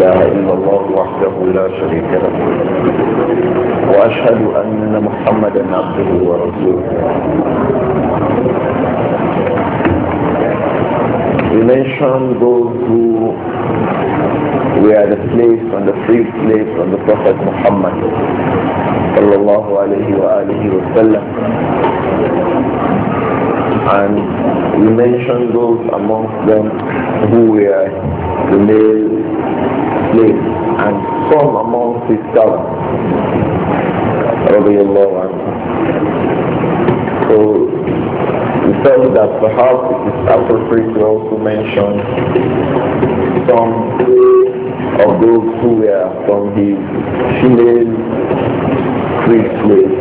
إله إلا الله وحده لا شريك له وأشهد أن محمدا عبده ورسوله The nation goes to where the place and the free place of the Prophet Muhammad sallallahu alayhi wa alihi wa sallam and we mention those amongst them who were the male slaves and some among his servants. So we felt that perhaps it is appropriate to also mention some of those who were from his female free slaves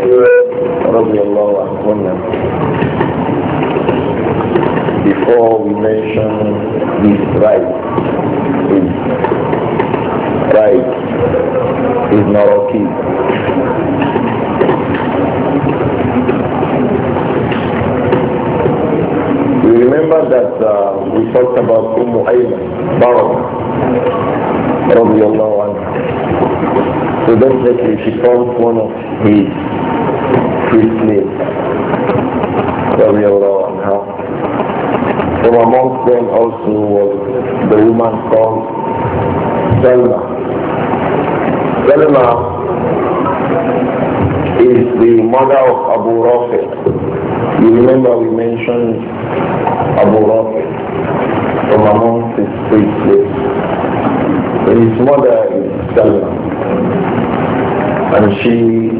before we mention these rights. Right is okay. We remember that uh, we talked about Umm Ayman, Barak, radiallahu anhu. So definitely she found one of his Christian, radiallahu anhu. From amongst them also was the woman called Salma. Salima is the mother of Abu Rafi. You remember we mentioned Abu Rafi from amongst his three So his mother is Salima. And she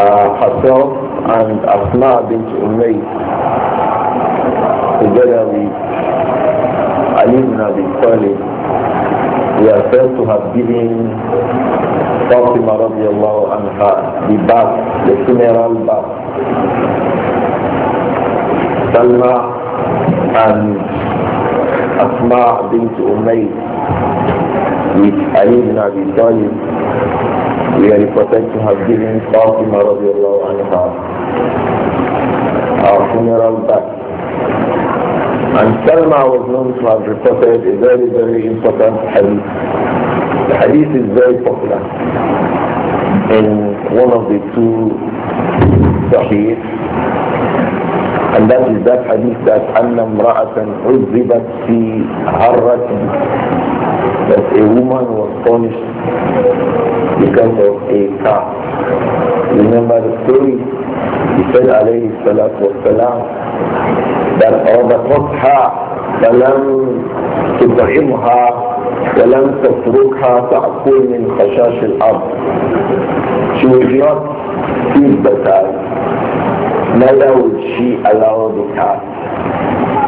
uh, herself and Asma bint Umayyad together with Ali ibn Abi Talib we are said to have given Fatima radiallahu anha the bath, the funeral bath. Salma and Asma bint Umayyad with Ali bin Abi Talib we are reported to have given Fatima radiallahu anha our funeral bath. And Salma was known to have reported a very, very important hadith. The hadith is very popular in one of the two Sahih, and that is that hadith that أن امرأة عذبت في حرة that a woman was punished because of a car. Remember the story? He said عليه الصلاة والسلام that all ضبطتها فلم تطعمها ولم تتركها تأكل من خشاش الأرض She was not feed the child. Neither would she allow the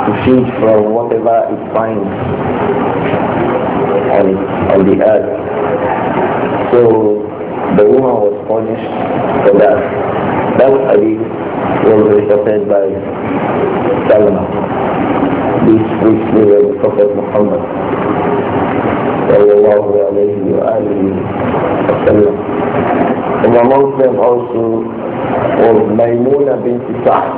to feed from whatever it finds on, on the earth. So the woman was punished for that. That hadith was reported by Salman. which briefly where the Prophet Muhammad sallallahu alayhi wa alihi wa And among them also was Maimuna bint Sa'd.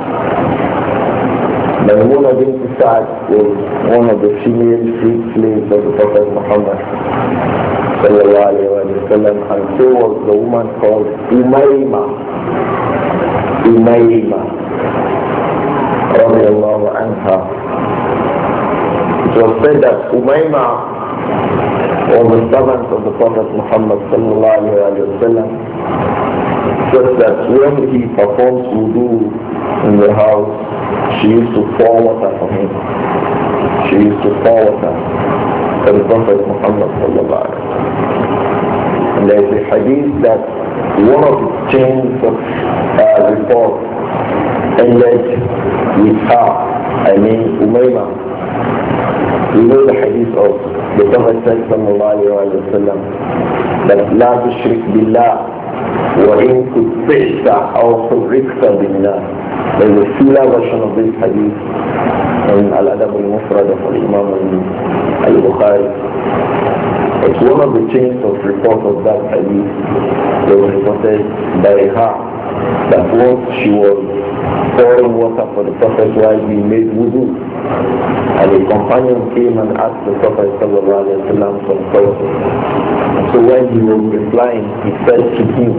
Maimuna bint sa was one of the female free slaves of the Prophet Muhammad sallallahu alayhi wa sallam and so was the woman called Umayma. Umayma رضي الله عنها it was said that Umayma was the servant of the Prophet Muhammad sallallahu such that when he performs wudu in the house, she used to pour water for him. She used to pour water for the Prophet Muhammad sallallahu alayhi wa And there is a hadith that one of the chains of uh, report ended with her, I mean Umayma يقول حديث أو بتغسل صلى الله عليه وسلم لا تشرك بالله وإن كتبت أو فرقت بالله There is a similar version of this hadith in Al-Adab al Imam al-Bukhari. It's one of the chains of report of that hadith that was reported by Iha that once she was pouring water for the Prophet while he made wudu. And a companion came and asked the Prophet wasallam some question. So when he was replying, he said to him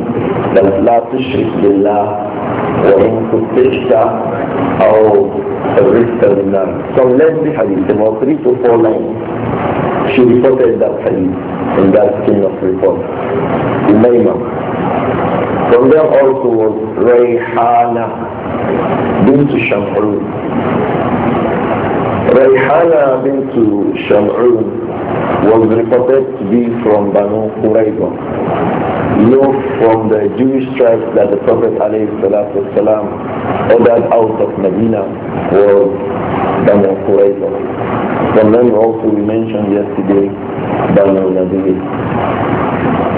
that La tushrik billah وإن كتشت أو الرزق لله. From lengthy hadith, about three to four lines, she reported that hadith in that skin of report. Imam from them also was Rayhana bint Sham'un. Rayhana bint Sham'un was reported to be from Banu Qurayza. You from the Jewish tribe that the Prophet والسلام, ordered out of Medina was Banu Qurayza. From them also we mentioned yesterday Banu Nadir.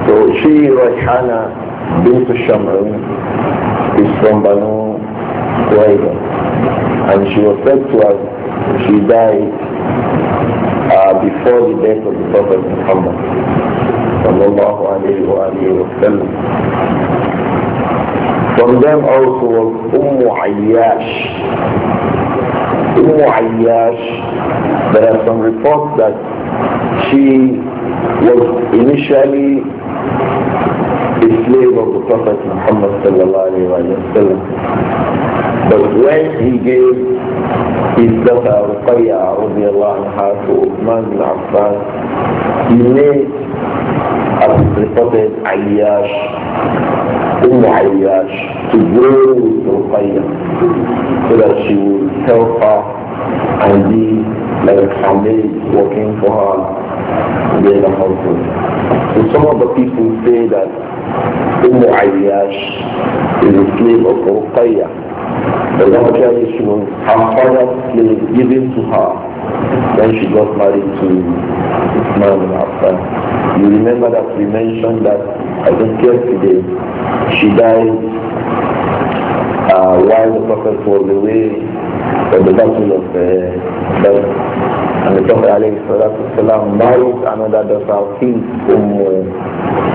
So she, Rayhana, bint Shamr is from Banu Qurayza. And she was said to us, she died uh, before the death of the Prophet Muhammad. Sallallahu alayhi wa alayhi wa sallam. From them also was Umm Ayyash. Umm Ayyash, there are some reports that she was initially a slave of the Prophet Muhammad sallallahu alayhi wa sallam. But when he gave his daughter Ruqayya radiallahu anha to Uthman bin Affan, he made, as is reported, Aliyash, Umm Aliyash, to grow with Ruqayya so that she would help her and be like a maid working for her there's a household. So some of the people say that Ibn umm Ayyash is a slave of Ruqayya. The Ruqayya umm was her father's slave given to her when she got married to Ismail ibn Affan. You remember that we mentioned that I think yesterday she died uh, while the Prophet was away from the battle of uh, and the Prophet alayhi salatu wasalam married another daughter of his, Umm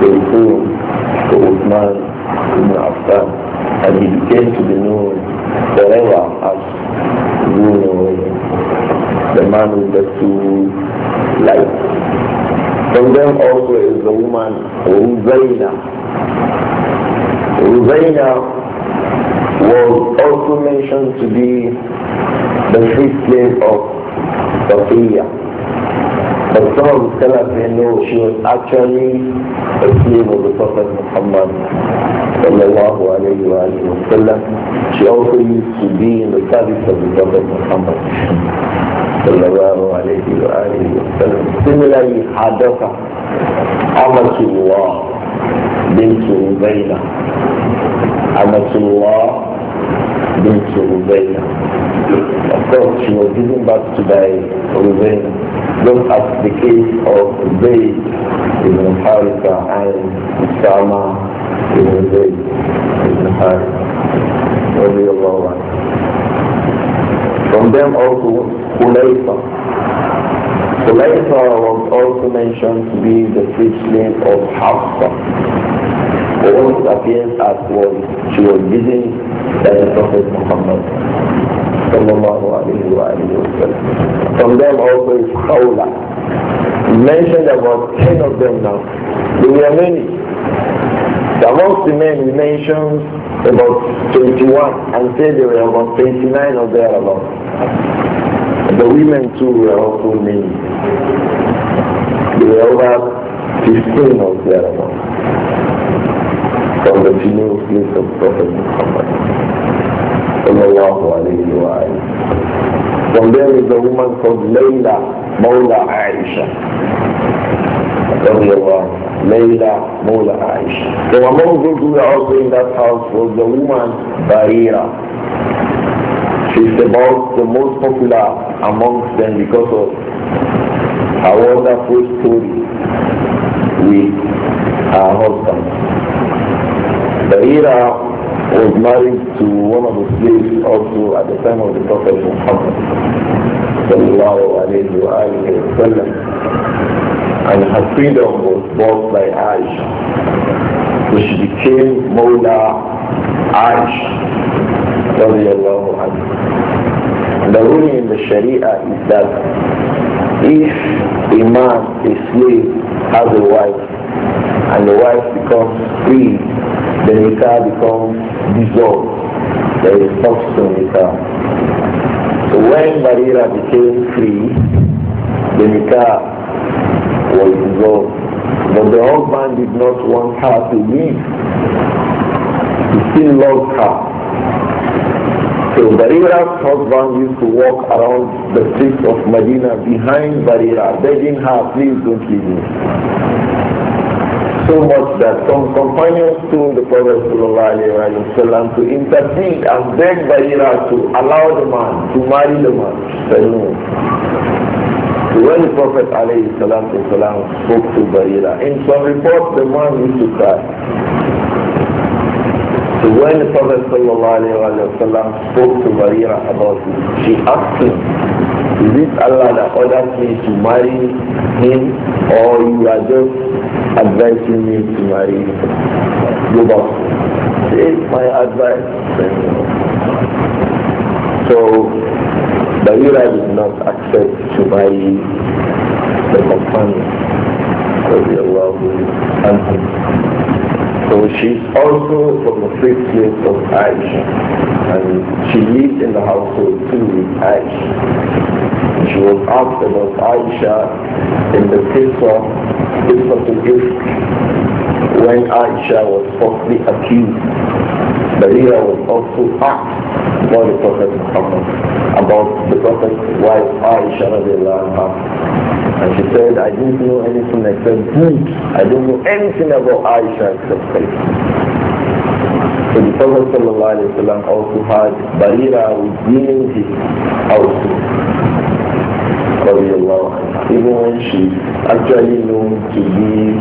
Kulthum, to Uthman ibn Affan. And he became to be known forever as the man with the two lights. From them also is the woman Uzaina. Uzaina was also mentioned to be the free slave of صوتية But some of the scholars may know she was actually a slave of the Prophet Muhammad sallallahu alayhi wa sallam. She also used to be in the service of the Prophet Muhammad sallallahu alayhi wa sallam. Similarly, Hadatha, Amatullah, bint Ubayna. Amatullah bint Rubayna. Of course, she was given back to by Rubayna, just as the case of Zayd ibn Haritha and Usama ibn Zayd ibn Haritha. From them also, Hulayfa. Hulayfa was also mentioned to be the fifth name of Hafsa. What appears as was she was given by the Prophet Muhammad sallallahu alayhi wa alayhi wa sallam. From them also is Khawla. Mentioned about 10 of them now. There were many. Amongst the men he mentions about 21 and say there were about 29 or thereabouts. The women too were also many. There were over 15 or thereabouts from the female place of Prophet Muhammad. From there is a woman called Layla Mawla Aisha. Layla Mawla Aisha. So among those who were also in that house was the woman Barira. She's about the most popular amongst them because of her wonderful story with her husband. Barira was married to one of the slaves also at the time of the Prophet Muhammad sallallahu alayhi wa alayhi wa sallam. And her freedom was bought by Aisha. So she became Mawla Aisha radiallahu anhu. The ruling in the Sharia is that if a man, a slave, has a wife, and the wife becomes free the nikah becomes dissolved. There is talks to nikah. So when Barira became free, the nikah was dissolved. But the husband did not want her to leave. He still loved her. So Barira's husband used to walk around the streets of Medina behind Barira, begging her, please don't leave me so much that some companions told the Prophet ﷺ to intercede and beg Bahira to allow the man to marry the man. So when the Prophet ﷺ spoke to Bahira, in some reports the man used to cry. So when the Prophet ﷺ spoke to Bahira about it, she asked him, Is it Allah that ordered me to marry him or you are just advising me to marry him? Go back. Take my advice. So Bayura did not accept to marry the companion. So, Allah, and him. So she's also from the fifth place of Aisha. And she lived in the household too with Aisha. She was asked about Aisha in the case of Qissatul when Aisha was falsely accused. Maria was also asked about the Prophet Muhammad, about the Prophet's wife Aisha and she said, I didn't know anything except this. I don't know anything about Aisha except faith. So the Prophet wasallam also had Barira within his household. Even when she actually known to be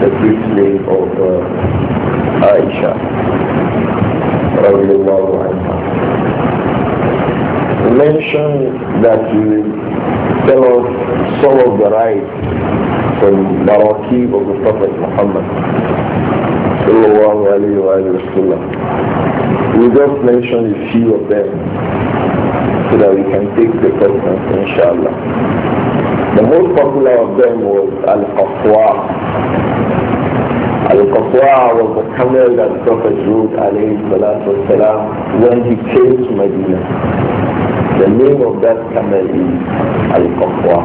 the priest of uh, Aisha. رضي الله عنها mention that you tell us some of the rights from Baraki of the Prophet Muhammad sallallahu alayhi wa sallam we just mention a few of them so that we can take the questions inshallah the most popular of them was Al-Qaswa Al-Qafwa was the camel that Prophet rode alayhi salatu wasalam when he came to Medina. The name of that camel is Al-Qafwa.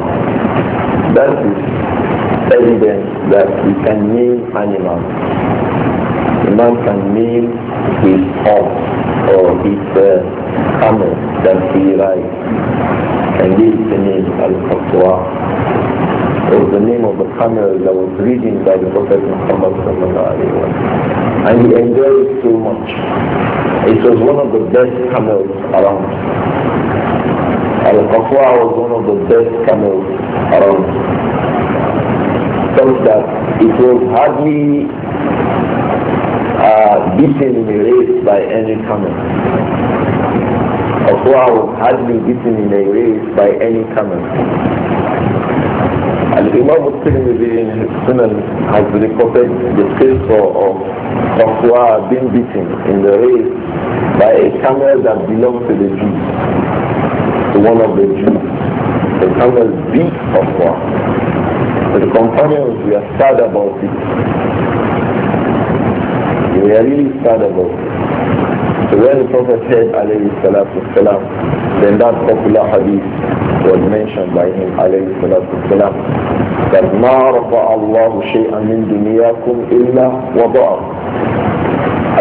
That is evidence that we can name animals. A man can name his horse or his uh, camel that he rides. And this is the name Al-Qafwa was the name of the camel that was ridden by the Prophet Muhammad and he enjoyed it so much. It was one of the best camels around. Al-Qafwa was one of the best camels around. Such that it was hardly uh, beaten in a race by any camel. Qafwa was hardly beaten in a race by any camel. الإمام الترمذي Sunan has reported the case of Safwa being beaten in the race by a camel that belonged to the Jews, to one of the Jews. The camel beat Safwa. The companions were sad about it. They were really sad about it. So when the Prophet said, alayhi salatu salam, then that popular hadith was mentioned by him alayhi salatu wasalam that ma rafa'a Allah shay'an min dunyakum illa wada'ahu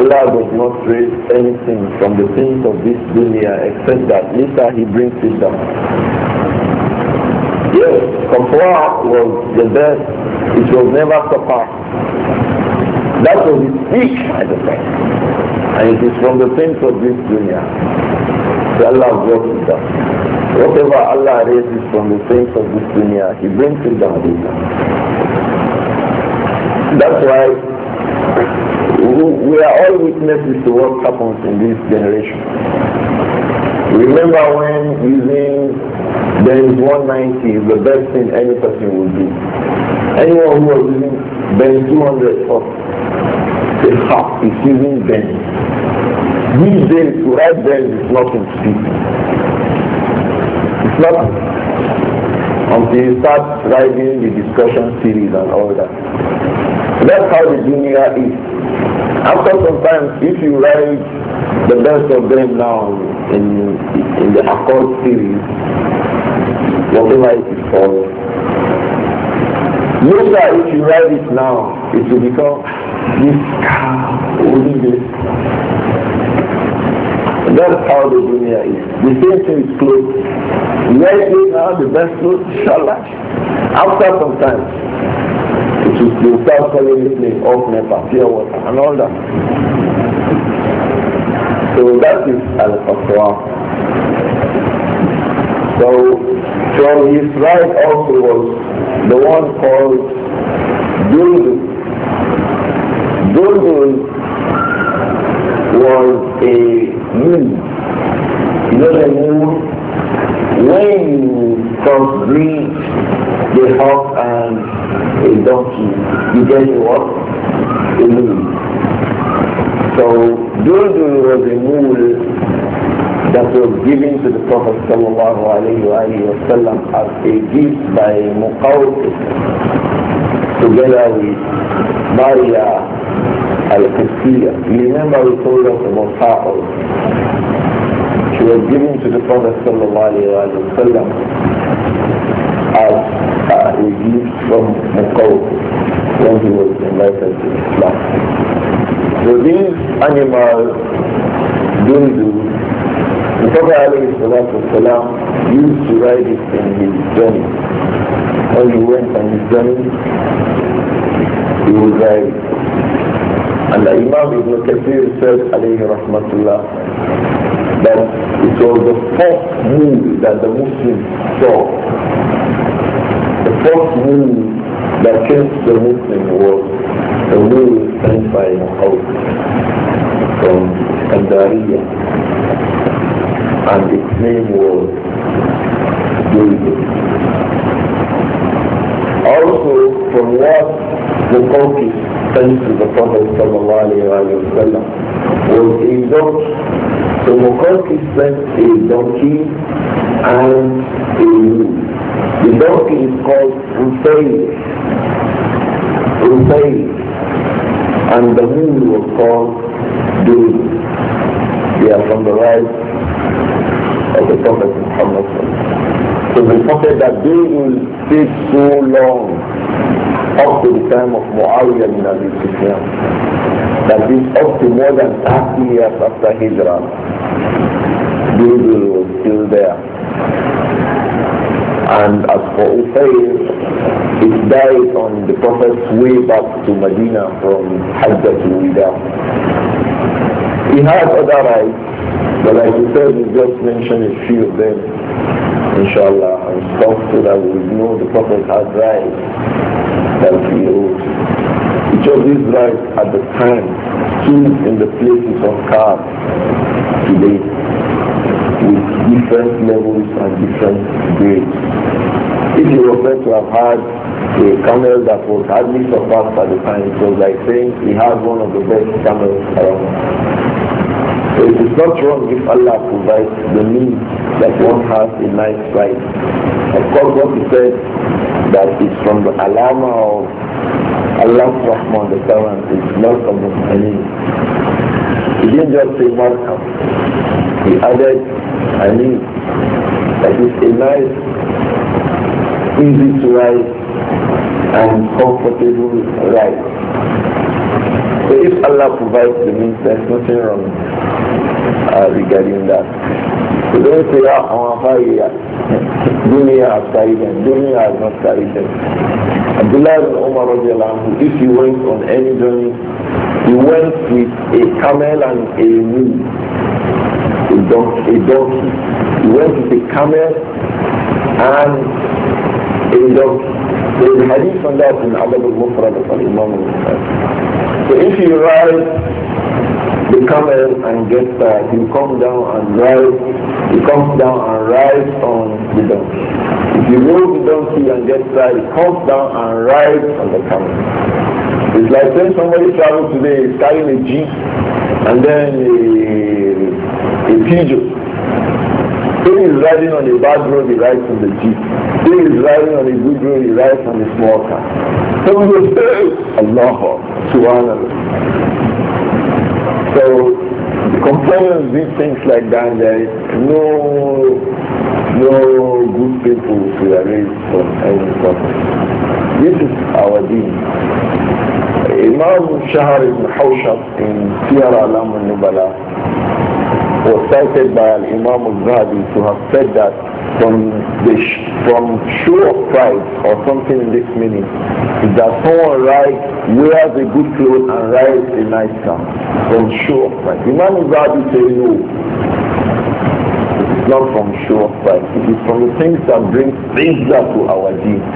Allah does not raise anything from the things of this dunya except that later he brings it down. Yes, Kafwa was the best. It was never surpassed. That was his peak at the time. And it is from the things of this dunya. that Allah brought it down. Whatever Allah raises from the things of this dunya, He brings it down with That's why we are all witnesses to what happens in this generation. Remember when using Benz 190 is the best thing any person will do. Anyone who was using Benz 200 or a half is using Benz. These days to ride Benz is nothing cheap. It's not until you start driving the discussion series and all that. That's how the junior is. After some time, if you write the best of them now in in the Accord series, whatever it is called, Musa, if you write it now, it will become this car, only this. That's how the junior is. The same thing is close. Let me the best food, inshallah. After some time, it will be start calling this place off Nepal, pure water, and all that. So that is Al-Fatwa. So from his right also was the one called Dundun. Dundun was a moon. You know the moon when you crossbreed the hawk and a donkey, you get a what? A mule. So Duldul was a mule that was given to the Prophet sallallahu alayhi wa sallam as a gift by Muqawq together with Maria al-Qusiyya. Remember we told us about Sa'ul were given to the Prophet وسلم, as a gift from Mekau when he was enlightened to Islam. So these animals, dundu, the Prophet والسلام, used to ride it in his journey. When he went on his journey, he would ride it. And Imam Ibn Kathir said, alayhi rahmatullah, that it was the first move that the Muslims saw. The first move that changed the Muslim was the move sent by Muhammad from Andaria. And its name was David. Also, from what the Prophet sent to the Prophet ﷺ was a book so Mokos express a donkey and a mule. The donkey is called Rufay. Rufay. And the moon was called Dul. They are from the right of the Prophet Muhammad. So the Prophet that they will take so long up to the time of Muawiyah bin Abi Sufyan. That is up to more than 30 years after Hijrah. Judul was still there. And as for Ufayr, it died on the Prophet's way back to Medina from to Wida. He had other rights, but like you said, we just mentioned a few of them, inshallah, and stuff so that we know the Prophet had rights that he owed. Each of these rights at the time stood in the places of Kaab today different levels and different grades. If you were to have had a camel that was hardly surpassed at the time, it was like saying he had one of the best camels around. So it is not wrong if Allah provides the means that one has a nice ride. Of course, what he said that is from the alama of Allah Rahman, the servant, is not from the Muslims. He didn't just say Markham. He added I mean, that is a nice, easy to ride and comfortable ride. So if Allah provides the means, there's nothing wrong uh, regarding that. So don't say, ah, oh, I'm a fire. Dunya has carried them. Dunya has not carried them. Abdullah Umar if he went on any journey, he went with a camel and a mule a donkey. A donkey. He went with a camel and a donkey. There is a hadith on that in Abu mufrad of Imam So if you ride the camel and get that, you come down and ride, you come down and ride on the donkey. If you move the donkey and get that, you comes down and rides on the camel. It's like when somebody travels today, is carrying a jeep and then a a pigeon. Who is riding on a bad road, he rides on the jeep. He is riding on a good road, he rides on a small car. So we will say, Allah, subhanallah. So, the companions do things like that, there is no, no good people to erase from any problem. This is our deen. Imam Shahar ibn Hawshab in tiara Alam al-Nubala was cited by Imam al-Zahabi to have said that from the from show of pride or something in this meaning is that someone rides, wears a good clothes and rides a nice car from show of pride. Imam al-Zahabi said no. It's not from show of pride. It is from the things that bring things that to our deeds,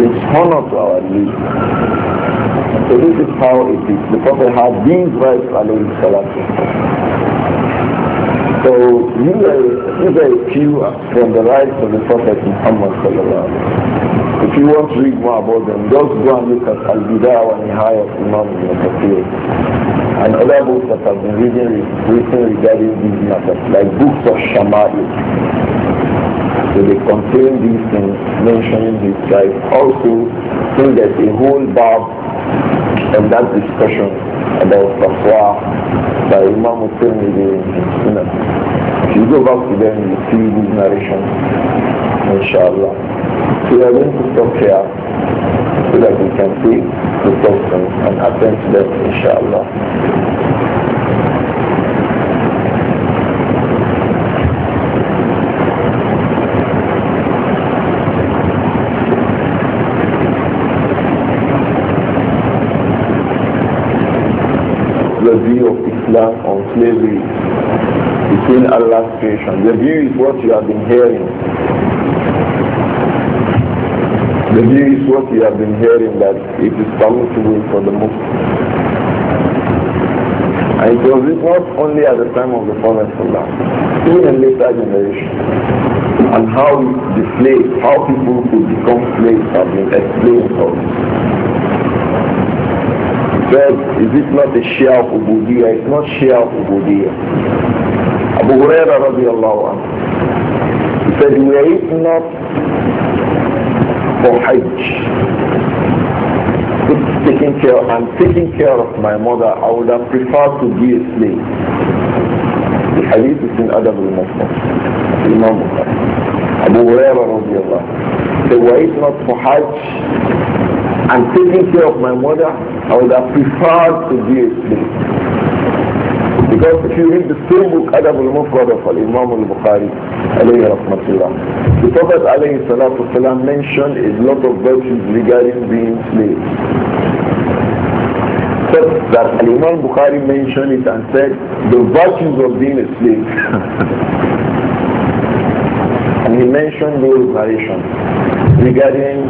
brings honor to our deeds. So this is how it is. The Prophet had these rights alayhi salatu so you are, these are few from the life of the Prophet Muhammad sallallahu If you want to read more about them, just go and look at Al-Bidayah wa Nihaya Imam Ibn Kathir and other books that have been written, written regarding these matters, like books of Shama'il. So they contain these things, mentioning his life. Also, so there's a whole bab and that discussion about fatwa by Imam Tirmidhi in Sunnah. If you go back to them, you see these narrations, inshallah. So we are going to stop here so that we can see the questions and attend to them, inshallah. the view of Islam on slavery between Allah's creation. The view is what you have been hearing. The view is what you have been hearing that it is permissible for the Muslims. And it was not only at the time of the Prophet even later generations and how the slaves, how people could become slaves have been explained for said, is it not the Shia of Ubudiyah? It's not Shia of Ubudiyah. Abu Huraira radiallahu anhu, he said, we are not for Hajj, taking care, I'm taking care of my mother, I would have preferred to be a slave. The hadith is in Adab al-Muslim, Imam Bukhari. Abu Huraira radiallahu anhu, said, were it not for Hajj, and taking care of my mother, I would have preferred to be a slave. Because if you read the same book, Adab al-Mufrad of Imam al-Bukhari, alayhi rahmatullah, the Prophet alayhi salatu salam mentioned a lot of virtues regarding being slaves. Except that Imam Bukhari mentioned it and said, the virtues of being a slave. and he mentioned those narrations regarding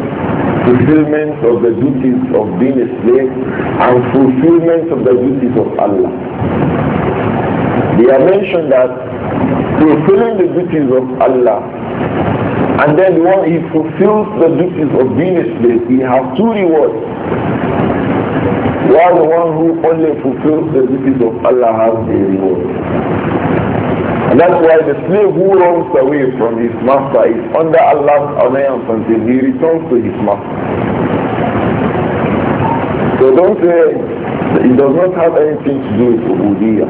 fulfillment of the duties of being a slave and fulfillment of the duties of Allah. They are mentioned that fulfilling the duties of Allah and then when he fulfills the duties of being a slave, he has two rewards. While the one who only fulfills the duties of Allah has a reward. And that's why the slave who runs away from his master is under Allah's annoyance until he returns to his master. So don't say it does not have anything to do with Ubudiyah.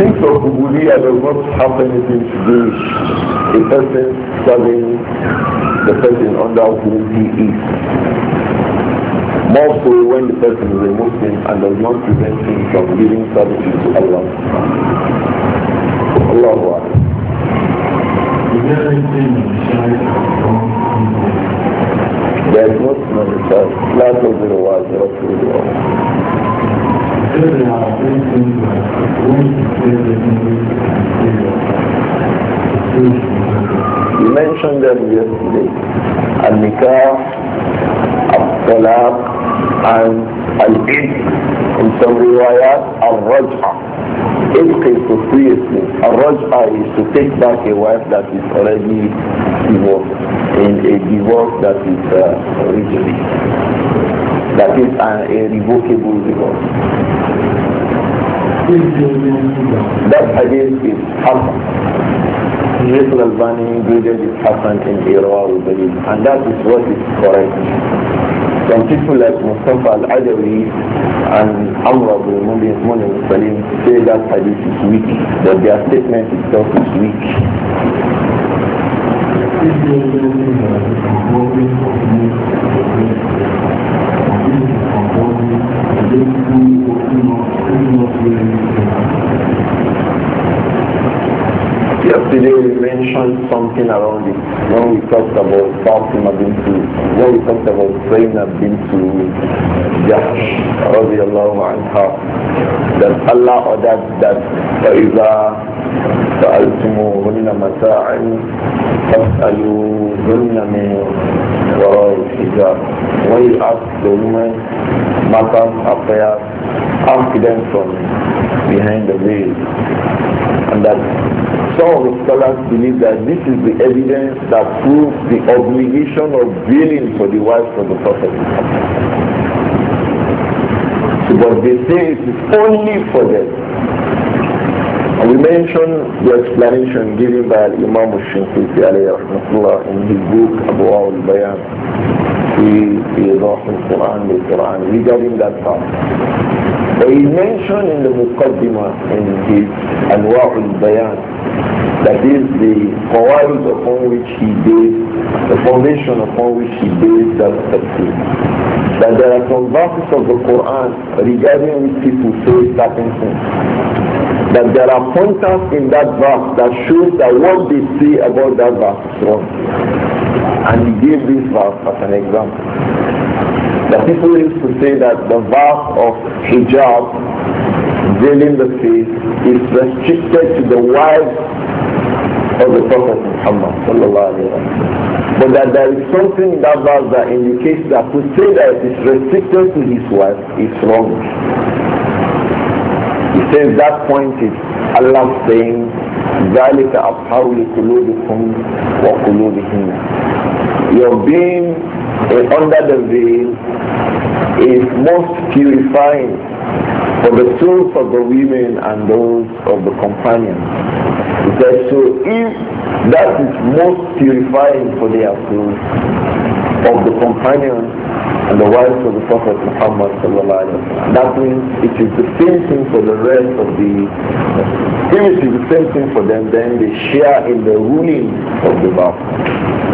Things of Ubudiyah does not have anything to do with a person serving the person under whom he is. More so when the person is a Muslim and does not prevent him from giving service to Allah. الله أعلم There is no manifest, but You mentioned them yesterday. Al-Nikah, Al-Talaq, and Al-Id. In some riwayat, Al-Raj'ah. It is is to free a slave. is to take back a wife that is already divorced in a divorce that is uh, originally. That is an irrevocable divorce. That again is Hassan. Sheikh Al-Albani graded it Hassan in Irawa, believe, and that is what is correct. Some people like Mustafa Al-Adawi and Amr Abdul Mumin Salim say that hadith is weak, that their statement itself is weak. Thank you. Yesterday we mentioned something around it when we talked about Fatima bin to when we talked about Zainab bin to Jahsh radiallahu anha that Allah ordered that فإذا سألتموهن متاعا فاسألوهن من وراء الحجاب. When you ask the women matters affairs confident from behind the veil. And that some of the scholars believe that this is the evidence that proves the obligation of veiling for the wives of the Prophet. but they say it is only for them. And we mentioned the explanation given by Imam al Ali Al rahmatullah in his book Abu al-Bayan في إيضاح القرآن للقرآن regarding that part. But he mentioned in the Muqaddimah in his Anwa' al-Bayan that is the qawaid upon which he based, the foundation upon which he based that tafsir. That there are some verses of the Quran regarding which people say certain things. That there are pointers in that verse that shows that what they say about that verse is wrong. And he gave this verse as an example. The people used to say that the verse of hijab, veiling the face, is restricted to the wives of the Prophet Muhammad But that there is something in that verse that indicates that to say that it is restricted to his wife is wrong. He says that point is Allah saying ذلك أطهر لقلوبكم وقلوبهن Your being eh, under the veil is most purifying for the souls of the women and those of the companions. He so if that is most purifying for their souls of the companions and the wives of the Prophet Muhammad that means it is the same thing for the rest of the, if it is the same thing for them, then they share in the ruling of the Baptist.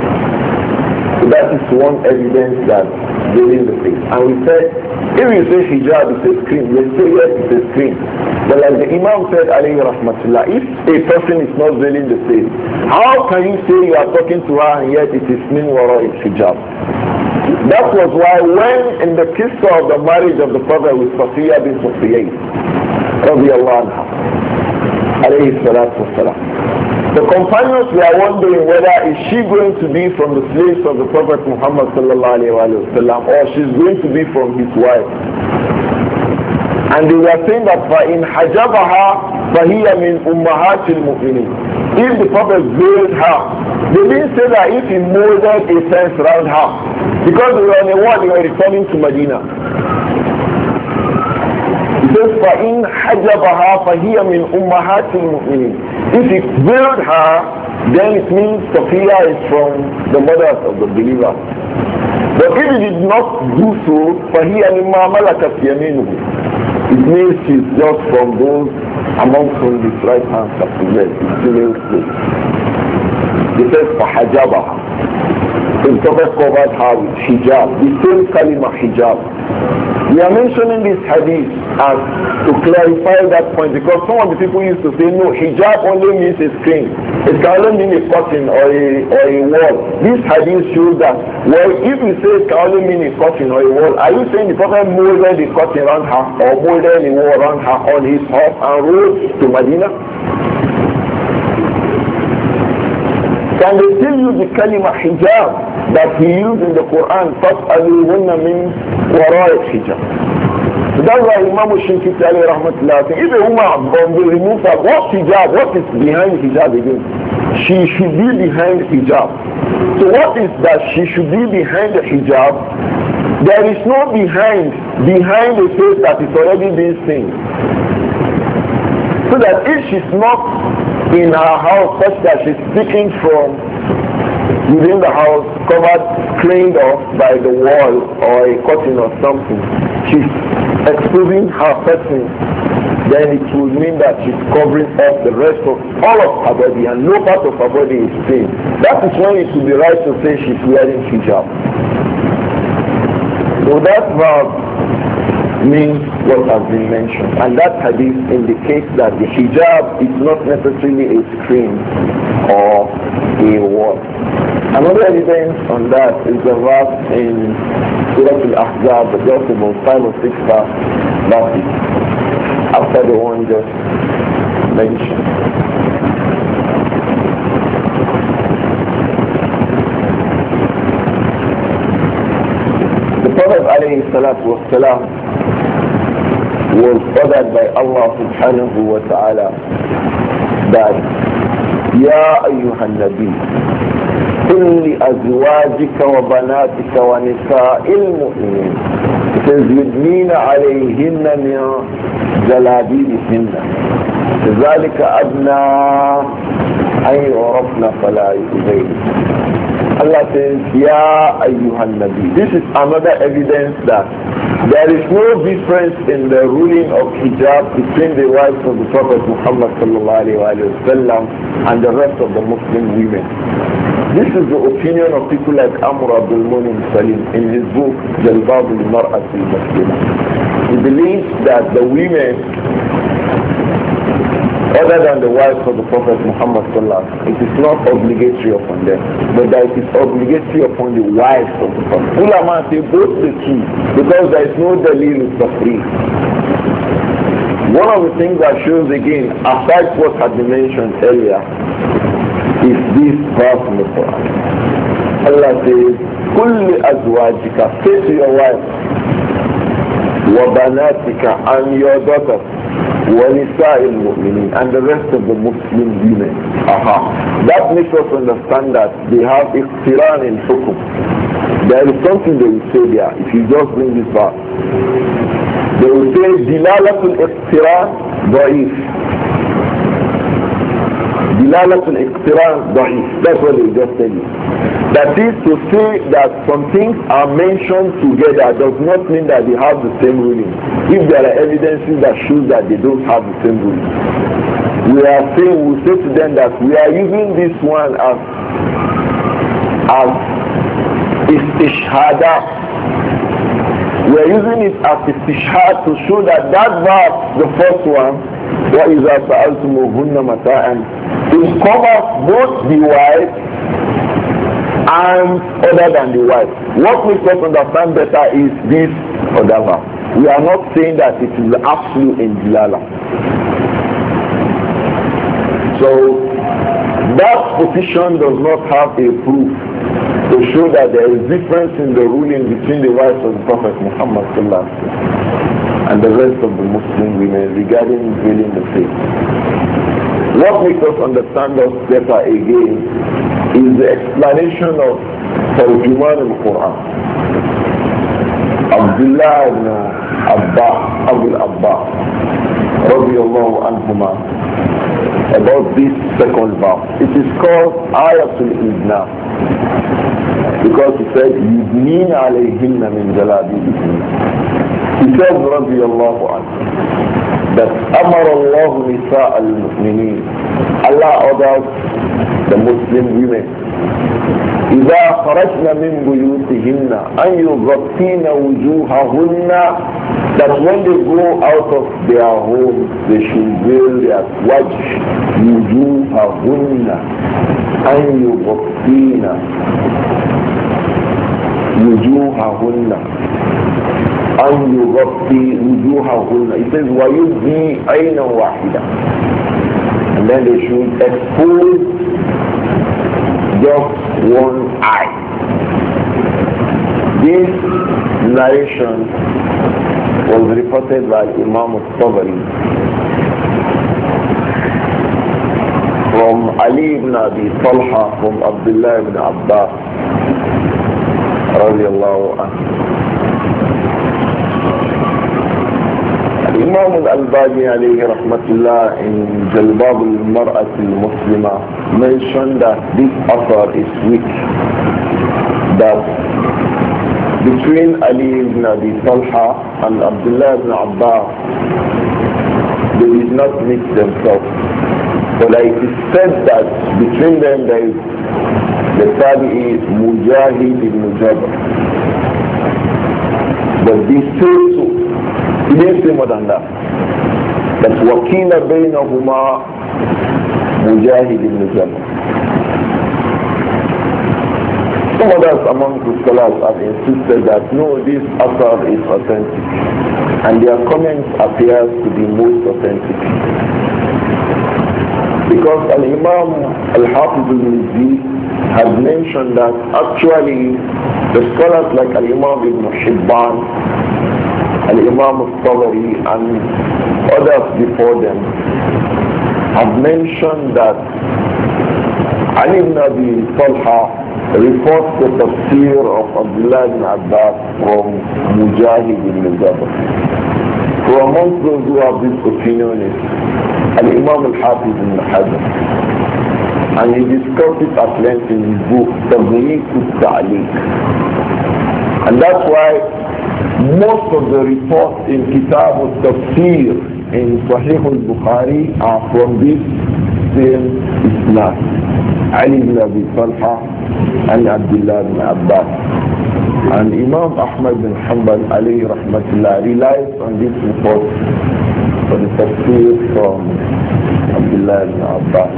So that is one evidence that there is a thing. And we said, if you say hijab is a screen, they say yes, it's a screen. But like the Imam said, alayhi rahmatullah, if a person is not veiling the face, how can you say you are talking to her and yet it is min wara it's hijab? That was why when in the qissa of the marriage of the Prophet with Safiya bin Safiyyah, رضي الله alayhi عليه الصلاة والسلام the companions were wondering whether is she going to be from the slaves of the Prophet Muhammad wasallam, or she's going to be from his wife. And they were saying that فَإِنْ حَجَبَهَا فَهِيَ مِنْ أُمَّهَاتِ الْمُؤْمِنِينَ If the Prophet veiled her, they didn't say that if he molded a fence around her, because they were on a war, they were returning to Medina. says, فَإِنْ حَجَبَهَا فَهِيَ مِنْ أُمَّهَاتِ الْمُؤْمِنِينَ If he veiled her, then it means Sophia is from the mothers of the believer. But if he did not do so, فَهِيَ مِمَّا مَلَكَتْ يَمِينُهُ It means she is just from those amongst whom his right hand has possessed, his female state. He says, فَحَجَبَهَا So the Prophet covered her with hijab, the same kalima hijab. We are mentioning this hadith as to clarify that point because some of the people used to say, no, hijab only means a screen. It can only mean a curtain or a, or a wall. This hadith shows that, well, if you say it can only mean a curtain or a wall, are you saying the Prophet molded the curtain around her or molded the wall around her on his horse and rode to Medina? Can they still use the kalima hijab that he used in the Quran, فَاسْأَلُوهُنَّ مِنْ وَرَاءِ hijab? That's why Imam Shinkit Ali rahmatullah said, if a woman will remove remover, what hijab, what is behind hijab again? She should be behind hijab. So what is that she should be behind the hijab? There is no behind, behind a face that is already being seen. So that if she's not in her house such that she's speaking from within the house covered, cleaned off by the wall or a curtain or something. She's exposing her person. Then it would mean that she's covering up the rest of all of her body and no part of her body is seen. That is when it would be right to say she's wearing hijab. So that verb means what has been mentioned. And that hadith indicates that the hijab is not necessarily a screen or a wall. Another evidence on that is the verse in Surah Al-Ahzab, just about five or six verses after the one just mentioned. Prophet alayhi salatu wasalam was ordered by Allah subhanahu wa ta'ala that Ya ayyuhal nabi قل لأزواجك وبناتك ونساء المؤمنين تزودين عليهن من جلابيبهن ذلك أدنى أن يعرفن فلا يؤذين Allah says, Ya ayyuhan nabi. This is another evidence that there is no difference in the ruling of hijab between the wives of the Prophet Muhammad wasallam and the rest of the Muslim women. This is the opinion of people like Amr Abdul Munim Salim in his book, Jalbab al-Mar'at al-Muslimah. He believes that the women other than the wives of the Prophet Muhammad sallallahu it is not obligatory upon them, but that it is obligatory upon the wives of the Prophet. Ulama say both the two, because there is no dalil for free. One of the things that shows again, aside what had been mentioned earlier, is this verse in the Quran. Allah says, كل أزواجك, say to your wife, وبناتك and your daughters, وَنِسَاءِ الْمُؤْمِنِينَ and the rest of the Muslim women. Aha. That makes us understand that they have iqtiran in hukum. There is something they will say there, if you just bring this back. They will say, دِلَالَةُ الْإِقْتِرَانِ ضَعِيفٌ Dilalatul Iqtira Da'if. That's what they just tell That is to say that some things are mentioned together does not mean that they have the same ruling. If there are evidences that shows that they don't have the same ruling. We are saying, we say to them that we are using this one as as istishhada. We are using it as istishhad to show that that verse, the first one, وَإِذَا سَأَلْتُمُهُنَّ مَتَاعًا it covers both the wife and other than the wife. What makes us understand better is this other We are not saying that it is absolute in Jilala. So that position does not have a proof to show that there is difference in the ruling between the wives of the Prophet Muhammad and the rest of the Muslim women regarding dealing the faith. What makes us understand us better again is the explanation of Tarjuman al-Quran. Abdullah ibn Abba, Abu Abba, radiallahu anhuma, about this second verse. It is called Ayatul Ibna because he said, يُبْنِينَ عَلَيْهِنَّ min جَلَابِيبِهِنَّ He says, رضي الله عنه, that Allah الله al المؤمنين Allah orders the Muslim women إذا خرجنا من بيوتهن أن يغطين وجوههن that when they go out of their home, they should wear their wajh وجوههن أن يغطين وجوههن أن يغطي وجوههن It says ويبدي عينا واحدة And then they should expose just one eye. This narration was reported by Imam al-Tabari from Ali ibn Abi Talha from Abdullah ibn Abbas رضي الله عنه الإمام Al-Albani عليه رحمة الله in جلباب المرأة المسلمة mentioned that this author is weak that between Ali ibn Abi Talha and Abdullah ibn Abbas they did not mix themselves but so it is said that between them there is the Tabi'i Mujahid ibn Jabr but these two didn't more than that. But ibn Jama. Some others among the scholars have insisted that no, this asar is authentic. And their comments appears to be most authentic. Because Al-Imam Al-Hafiz al-Mizzi has mentioned that actually the scholars like Al-Imam Ibn Hibban and imam al-Tawari and others before them have mentioned that Ali ibn Abi Talha reports the tafsir of Abdullah ibn Abbas from Mujahid ibn Jabal. So amongst those who have this opinion is Al-Imam al-Hafiz ibn Hajar and he discussed it at length in his book, Tabligh al-Ta'liq. And that's why most of the reports in Kitab al-Tafsir in Sahih al-Bukhari are from this same Islam. Ali ibn Abi Talha and Abdullah ibn Abbas. And Imam Ahmad bin Hanbal alayhi rahmatullah relies on this report for the tafsir from Abdullah ibn Abbas.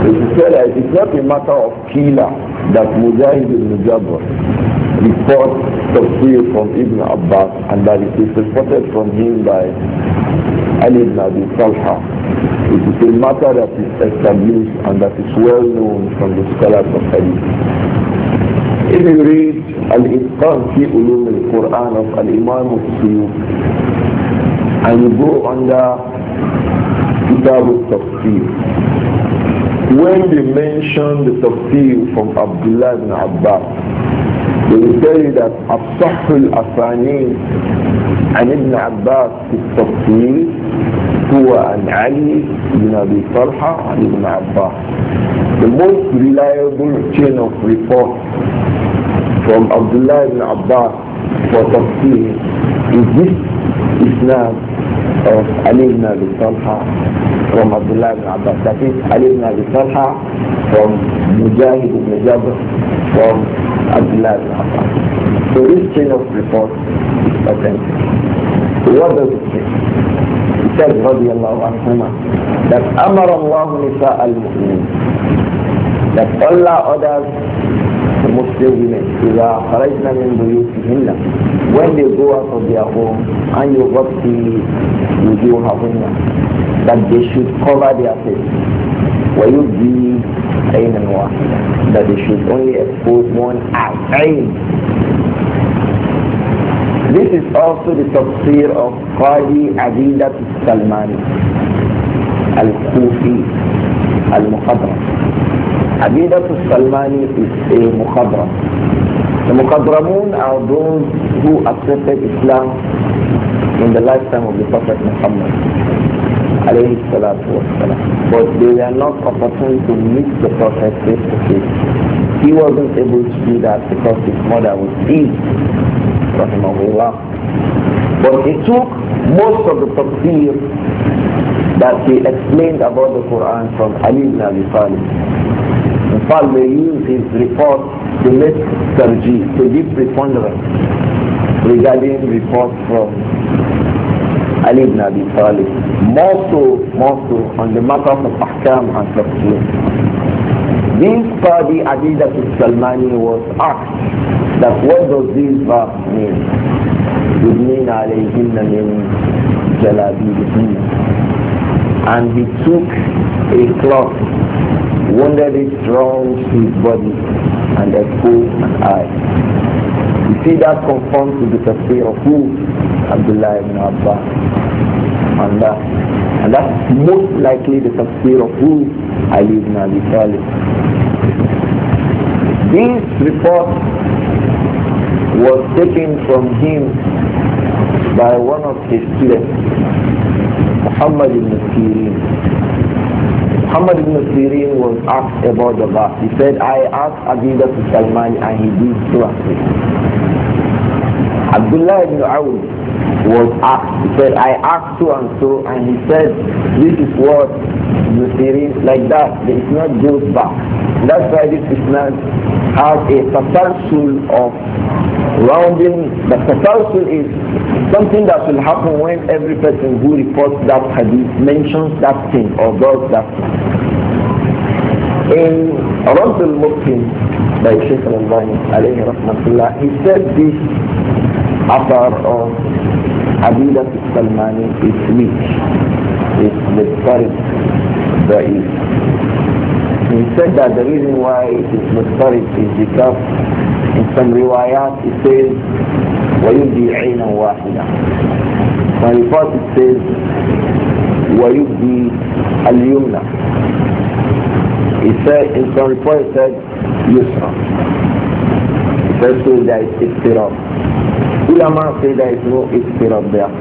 So he said that it's not a matter of kila that Mujahid ibn Jabr reports tafsir from Ibn Abbas and that it is reported from him by Ali ibn Abi Talha. It is a matter that is established and that is well known from the scholars of Hadith. If you read Al-Itqan fi Ulum al-Quran of Al-Imam al-Suyuk and you go under Kitab al-Tafsir, when they mention the tafsir from Abdullah ibn Abbas, they will tell you that Absahul Asani and Ibn Abbas في التفسير هو عن علي بن أبي طلحة عن ابن عباس. The most reliable chain of report from Abdullah ibn Abbas for tafsir is this Islam of Ali ibn Abi Talha from Abdullah ibn Abbas. That is Ali ibn Abi Talha from Mujahid ibn Jabr from Abdullah So this chain of report is authentic. what does it say? It says, رضي الله عنهما, that أمر الله نساء المؤمنين, that Allah orders the Muslim women, إذا خرجنا من بيوتهن, when they go out of their home, and the يغطي وجوههن, that they should cover their faces. ويبدي عينا واحدة that they should only expose one eye عين This is also the tafsir of Qadi Adidat Salmani Al-Kufi Al-Muqadram Adidat Salmani is a Muqadram The Muqadramun are those who accepted Islam in the lifetime of the Prophet Muhammad alayhi salatu But they were not opportune to meet the Prophet face to face. He wasn't able to do that because his mother was ill. But he took most of the tafsir that he explained about the Quran from Ali ibn Abi Talib. In fact, they used his report to make Sarji to give preponderance regarding reports from Ali ibn Abi Talib. More so, more so on the matter of Ahkam and Tafsir. This Qadi Adidat al-Salmani was asked that what does this verse mean? It means alayhinna min jalabibihin. And he took a cloth, wounded it round his body and exposed an eye. You see that conforms to the tafsir of who? Abdullah ibn Abbas. And that, and that's most likely the tafsir of who? Ali ibn Abi Talib. This report was taken from him by one of his students, Muhammad ibn Sirin. Muhammad ibn Sirin was asked about the verse. He said, I asked Abidah to Salman and he did so ask me. Abdullah ibn Awd was asked, he said, I asked so and so and he said, this is what the Sirin, like that, it's not goes back. That's why this not has a potential of rounding. The potential is something that will happen when every person who reports that hadith mentions that thing or does that thing. In Rabb al-Muslim by Shaykh al-Albani alayhi rahmatullah, he said this after of um, Abidat al-Salmani is weak, is the is. He said that the reason why it is discouraged is because in some riwayat it says ويبدي عينا واحدة when the says ويبدي اليمنى he said in some report said يسرى he says there is اضطراب ulama say there is no اضطراب there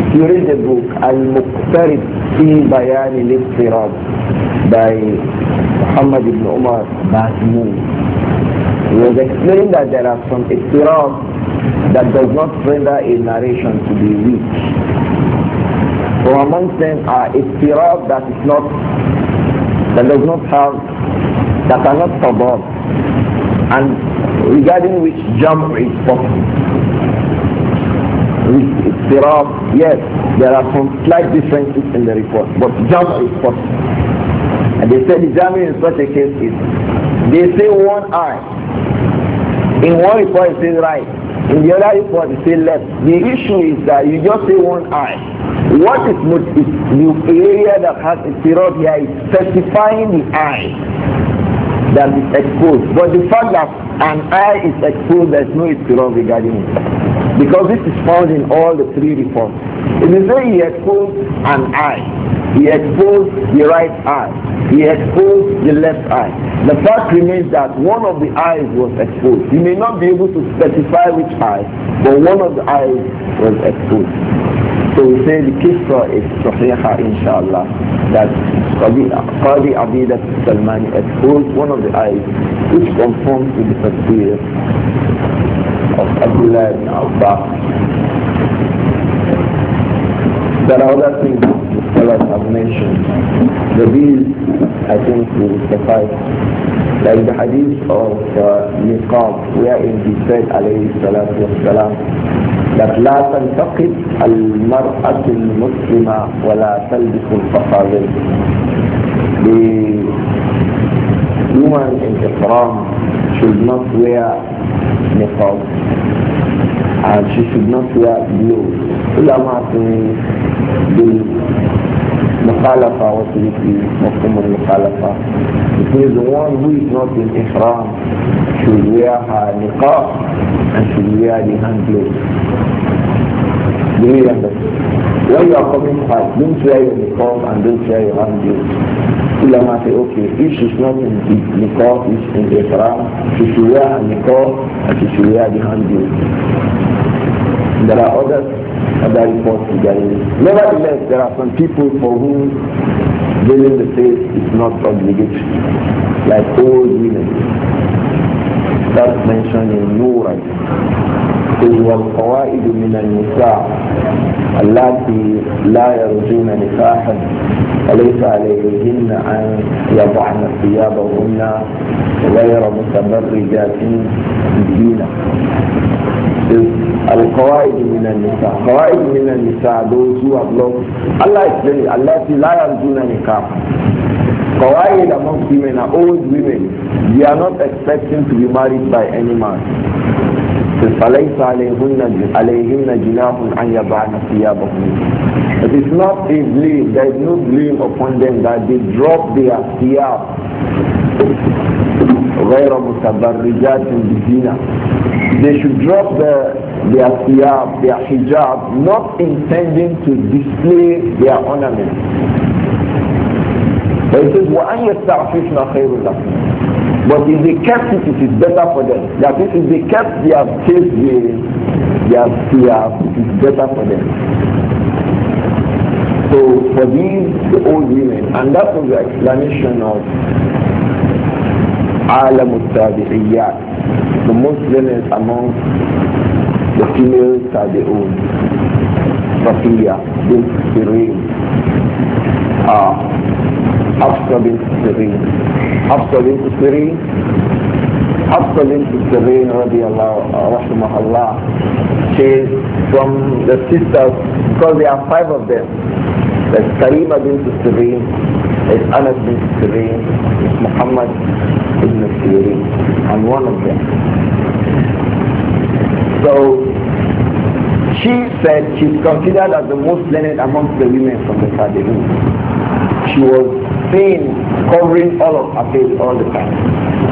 if you read the book al المقترب fi Bayani الاضطراب by Muhammad ibn Umar Mahmoud he was explaining that there are some اضطراب that does not render a narration to be weak. For amongst them are a istirab that is not that does not have that are not sabab and regarding which jump is possible. are yes, there are some slight differences in the report, but jump is possible. And they say the jamming in such a case is they say one eye. In one report it says right, in the other report, you say left. The issue is that you just say one eye. What is the area that has a period here is specifying the eye that is exposed. But the fact that an eye is exposed, there is no period regarding it. Because this is found in all the three reforms. In the way he exposed an eye, he exposed the right eye, he exposed the left eye. The fact remains that one of the eyes was exposed. He may not be able to specify which eye, but one of the eyes was exposed. So we say the kisra is sahiha inshallah that Qadi Abidat Salmani exposed one of the eyes which conforms to the tafsir of Abdullah ibn Abbas. There are other things the scholars have mentioned. The these, I think, will suffice. Like the hadith of uh, Niqab, wherein he said, alayhi salatu wasalam, that لا تلتقط المرأة المسلمة ولا تلبس الفقاذير The woman in Islam should not wear niqab and she should not wear blue. Ulama saying the mukhalafa was with the Muslim mukhalafa. It means the one who is not in ihram should wear her niqab and should wear the hand blue. Do you understand? When you are coming out, don't wear your niqab and don't wear your handbill. Ulama say, okay, if she's not in the niqab, it's in the ihram, she should wear a niqab and she should wear the handbill. There are others that are report to there is. Nevertheless, there are some people for whom veiling the face is not obligatory, like old women. That's mentioned in no right. القواعد من النساء اللاتي لا يرجون نكاحا وليس عليهن أن يضعن ثيابهن غير متبرجات بدينا القواعد من النساء قواعد من النساء those who have loved Allah التي لا يرجون نكاحا Qawaid among women are old women. They are not expecting to be married by any man. فليس عليهن عليهن جناح أن يضعن ثيابهن It is not a blame, there is no blame upon them that they drop their thiyab غير متبرجات بزينة They should drop the, their their hijab, not intending to display their ornaments. But it says, وَأَنْ يَسْتَعْفِفْنَ خَيْرٌ لَكُمْ but if they kept it, it is better for them. That is, if they kept their faith, they, their fear, it is better for them. So for these the old women, and that was the explanation of Alam Tabi'iyat, the most learned among the female Tabi'un, Safiya, bint Sirin, uh, Afsa bint Sirin, حفصة بنت سيرين حفصة بنت سيرين رضي الله رحمه الله says from the sisters because there are five of them there's Karima bint Sirin there's Anas bin Sirin there's Muhammad bin Sirin I'm one of them so she said she's considered as the most learned amongst the women from the Tabi'in she was covering all of our face all the time.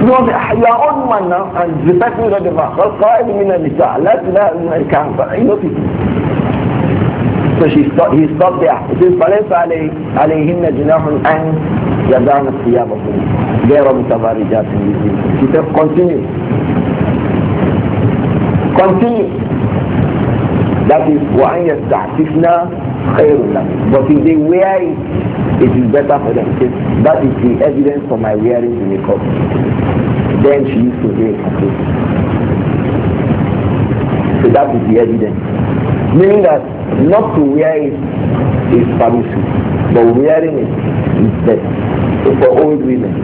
You are your own man now and the person is not the man. والقائد من النساء لا تلا But you know people. So she stopped, he stopped there. It says, the عليه and جناح أن يدعن ثيابهن غير متبرجات She said, continue. Continue. That is, وأن يستعففن خير لهم. But if they wear it, it is better for them. Says, that is the evidence for my wearing the makeup. Then she used to wear it. So that is the evidence. Meaning that not to wear it is permissible, but wearing it is best for old women.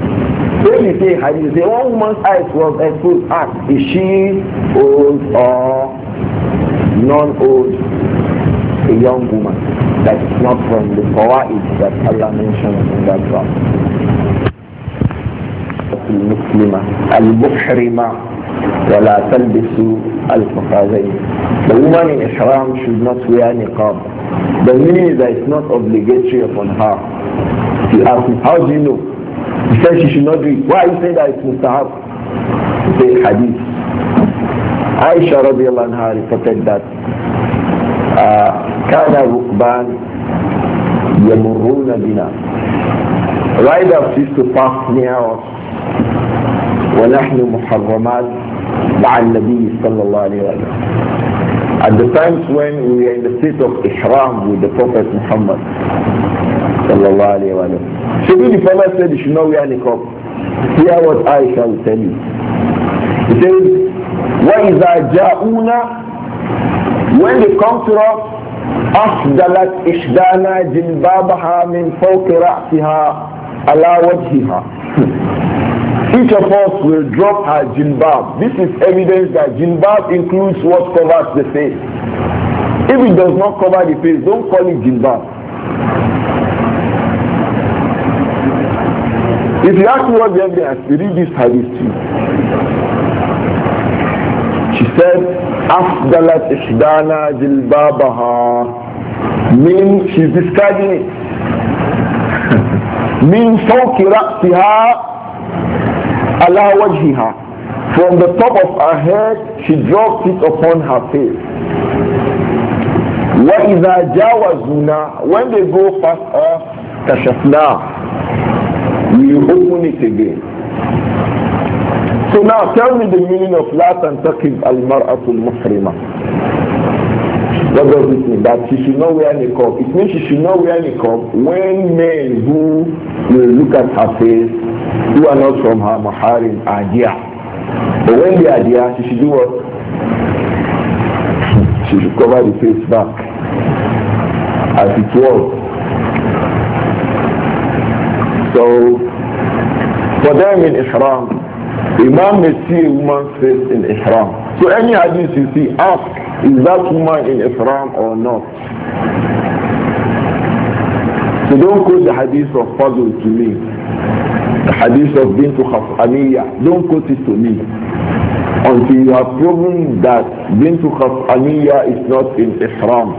So if you say hadith, the one woman's eyes was exposed, ask, is she old or non-old, a young woman? that is not from the Qawa'id that Allah mentioned in that verse. المسلمة المحرمة ولا تلبس القفازين The woman in ihram should not wear niqab. The meaning is that it's not obligatory upon her. She asked me, how do you know? He said she should not do it. Why you saying that it's mustahab? He said hadith. Aisha radiallahu anha reported that uh, كان ركبان يمرون بنا riders used to pass near us ونحن محرمات مع النبي صلى الله عليه وسلم At the times when we are in the state of ihram with the Prophet Muhammad الله عليه وسلم So when the Prophet said you should not wear niqab, hear what I shall tell you. He says, وَإِذَا جَاءُونَا When they come to us, أفضلت إحدانا جلبابها من فوق رأسها على وجهها Each of us will drop her jilbab. This is evidence that jilbab includes what covers the face. If it does not cover the face, don't call it jilbab. If you ask me what the evidence, read this hadith to you. She said, أفضلت إحدانا jilbabaha من she's describing it min فوق رأسها على from the top of her head she dropped it upon her face when they go past her كشفنا we open it again so now tell me the meaning of La Tantaqib al-Mar'atul Muhrima. What does it mean? That she should not wear niqab. It means she should not wear niqab when men who will look at her face, who are not from her maharim, are there. But when they are there, she should do what? She should cover the face back. As it was. So, for them in Ihram, Imam may see a woman's face in Ihram. So any hadith you see, ask, is that woman in Ihram or not? So don't quote the hadith of Fadl to me. The hadith of Bintu Khaf'aniyya. Don't quote it to me. Until you have proven that Bintu Khaf'aniyya is not in Ihram.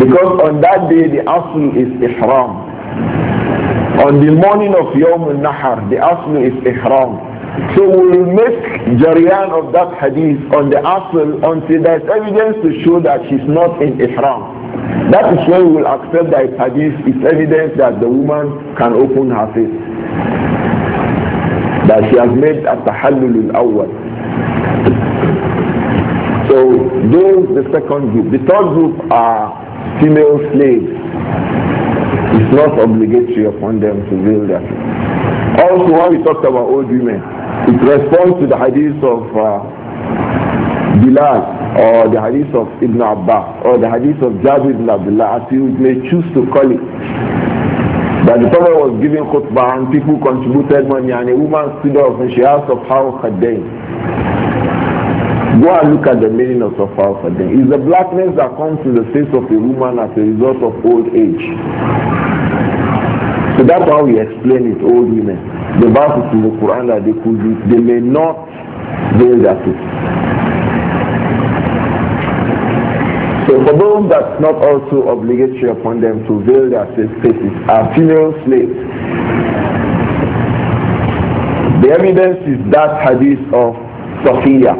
Because on that day the Asl is Ihram. On the morning of Yom al-Nahar, the Asl is Ihram. So we'll make Jariyan of that hadith on the asl until there's evidence to show that she's not in Ihram. That is when we'll accept that hadith is evidence that the woman can open her face. That she has made a tahallul al-awwal. So those the second group. The third group are female slaves. It's not obligatory upon them to veil their face. Also, when we talked about old women, It responds to the hadith of uh, Bilal or the hadith of Ibn Abbas or the hadith of Jabir ibn Abdullah as you may choose to call it. That the Prophet was giving khutbah and people contributed money and a woman stood up and she asked of how Khaddain. Go and look at the meaning of Safar for them. It's the blackness that comes to the face of a woman as a result of old age. So that's how we explain it, old oh, women. The verses in the Quran that they could they may not veil their face. So for those that's not also obligatory upon them to veil their faces are female slaves. The evidence is that hadith of Sophia.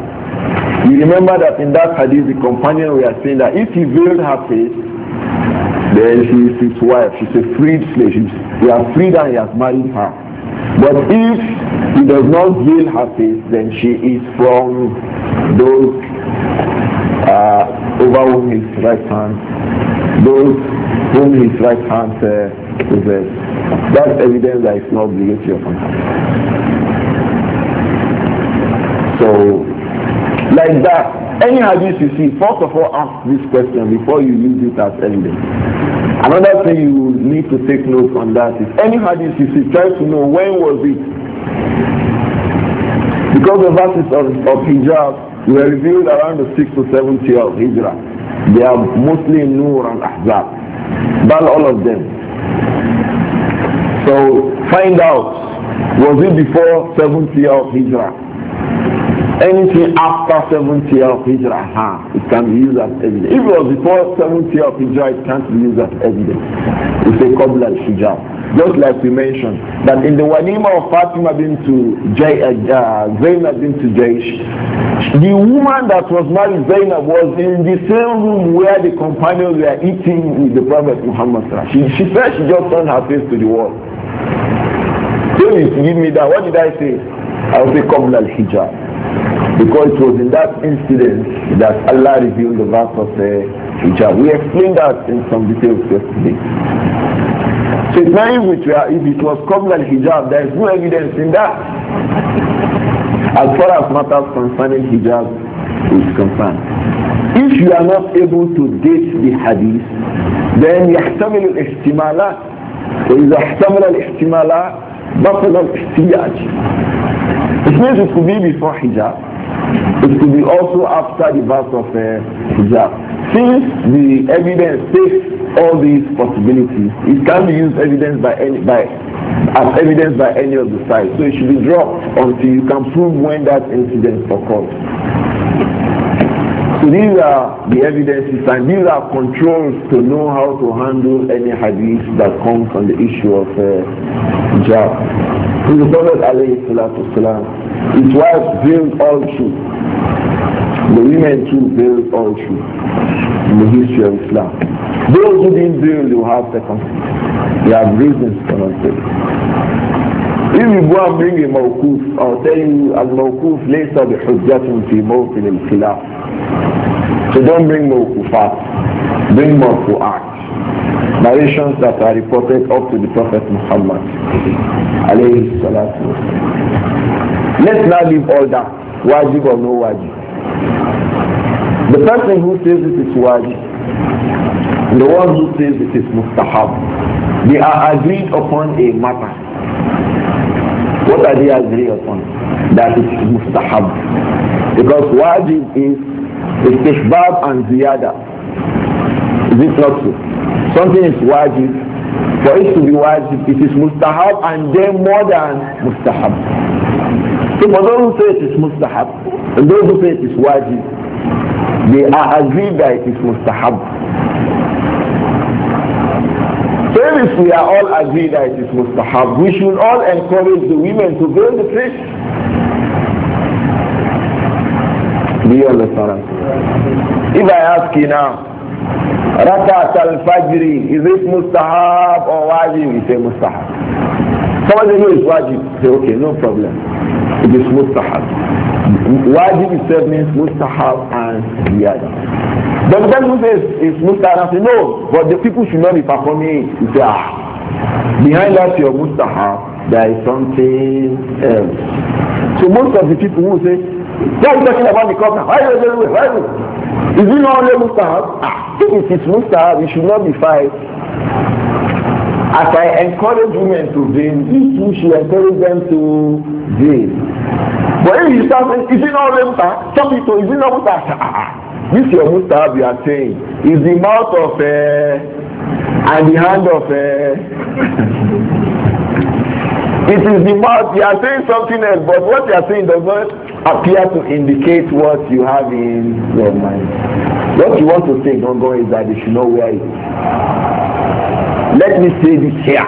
You remember that in that hadith the companion we are saying that if he veiled her face, then she is his wife. She's a freed slave. She's, he has freed and he has married her. But if he does not heal her face, then she is from those uh, over whom his right hand, those whom his right hand uh, possessed. That's evidence that it's not obligatory upon her. So, like that, any hadith you see, first of all, ask this question before you use it as evidence. Another thing you need to take note on that is any hadith you see, try to know when was it. Because the verses of, of hijab were revealed around the 6th to 7th year of Hijrah. They are mostly Nur and Ahzab. But all of them. So find out, was it before 7th year of Hijrah? Anything after 70 of Hijrah, huh, it can be used as evidence. If it was before 70 of Hijrah, it can't be used as evidence. It's a Qabla al-Hijrah. Just like we mentioned, that in the Wanima of Fatima bin to Jay, uh, uh Zainab bin to Jaish, the woman that was married Zainab was in the same room where the companions were eating with the Prophet Muhammad. She, she said she just turned her face to the wall. Please give me that. What did I say? I was a Qabla al-Hijrah. Because it was in that incident that Allah revealed the verse of the uh, hijab. We explained that in some details yesterday. So it's not even which if it was Qabla al-hijab, there is no evidence in that. As far as matters concerning hijab is concerned. If you are not able to date the hadith, then يحتمل الاحتمالات وإذا احتمل الاحتمالات بطل الاحتياج it means it could be before hijab. It could be also after the birth of uh, hijab. Since the evidence takes all these possibilities, it can be used evidence by any by as evidence by any of the sides. So it should be dropped until you can prove when that incident occurred. So these are the evidences and these are controls to know how to handle any hadith that comes on the issue of uh, hijab. So the Prophet والسلام, his wife built all truth. The women too built all truth in the history of Islam. Those who didn't build will have second. They have reasons for not building. If you go and bring a mawkuf, I'll tell you, al-mawkuf laysa bi-hujjatun fi mawqin al-khilaf don't bring mawkufat. Bring marfu'at. Narrations that are reported up to the Prophet Muhammad. Let's now leave all that. Wajib or no wajib. The person who says it is wajib, and the one who says it is mustahab, they are agreed upon a matter. What are they agreed upon? That it is mustahab. Because wajib is Istihbab and ziyada. Is it not so? Something is wajib. For it to be wajib, it is mustahab and then more than mustahab. So for those who say it is mustahab, and those who say it is wajib, they are agreed that it is mustahab. So if we are all agreed that it is mustahab, we should all encourage the women to go in the place Do you understand? If I ask you now, Rakat al-Fajri, is it mustahab or wajib? You say mustahab. Somebody who is wajib, say okay, no problem. It is mustahab. Wajib itself means mustahab and ziyada. But the person who says it's mustahab, I say no, but the people should not be performing it. You say ah. Behind that your mustahab, there is something else. So most of the people who say Why are you talking about the covenant? Why are you doing it? Why are you? Is it not only mustahab? Ah, if it's mustahab, it should not be five. As I encourage women to dream, each you she encourage them to dream. But if you start saying, is it not only mustahab? Some to. is it not mustahab? Ah, ah, ah, this your mustahab you are saying is the mouth of uh, and the hand of uh, It is the mouth. You are saying something else, but what you are saying does not appear to indicate what you have in your mind. What you want to say, don't go, is that you should know where it is. Let me say this here.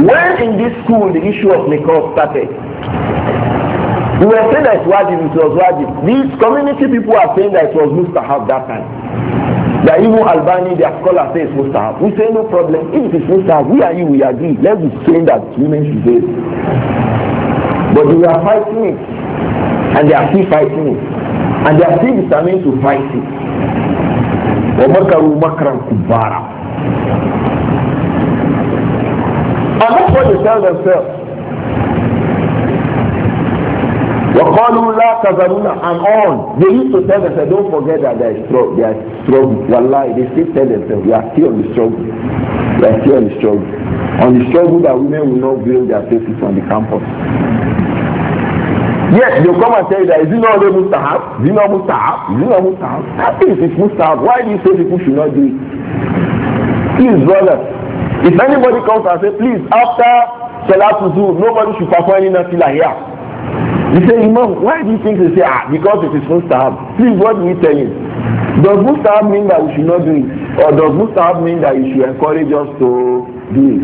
When in this school the issue of Nikos started, we were saying that it was wajib, it was wajib. These community people are saying that it was mustahab that time. that even Albania, their scholars scholar says mustahab. We say no problem. If it's is mustahab, we are you, we agree. Let's be saying that women should do it. But we are fighting it. And they are still fighting it. And they are still determined to fight it. وَمَكَرُوا مَكْرًا كُبَّارًا And that's what they tell themselves. وقالوا لا تذرون and on they used to tell themselves don't forget that they are strong they are strong wallahi they still tell themselves we are still on the struggle we are still on the struggle on the struggle that women will not build their faces on the campus yes they come and tell you that is it not only mustahab is it not mustahab is it not mustahab I think it's mustahab why do you say people should not do it please brother if anybody comes and say please after Salatu Zuhr nobody should perform any nafila here You say, Imam, why do you think they say, ah, because it is mustahab? Please, what do we tell you? Does mustahab mean that we should not do it? Or does mustahab mean that you should encourage us to do it?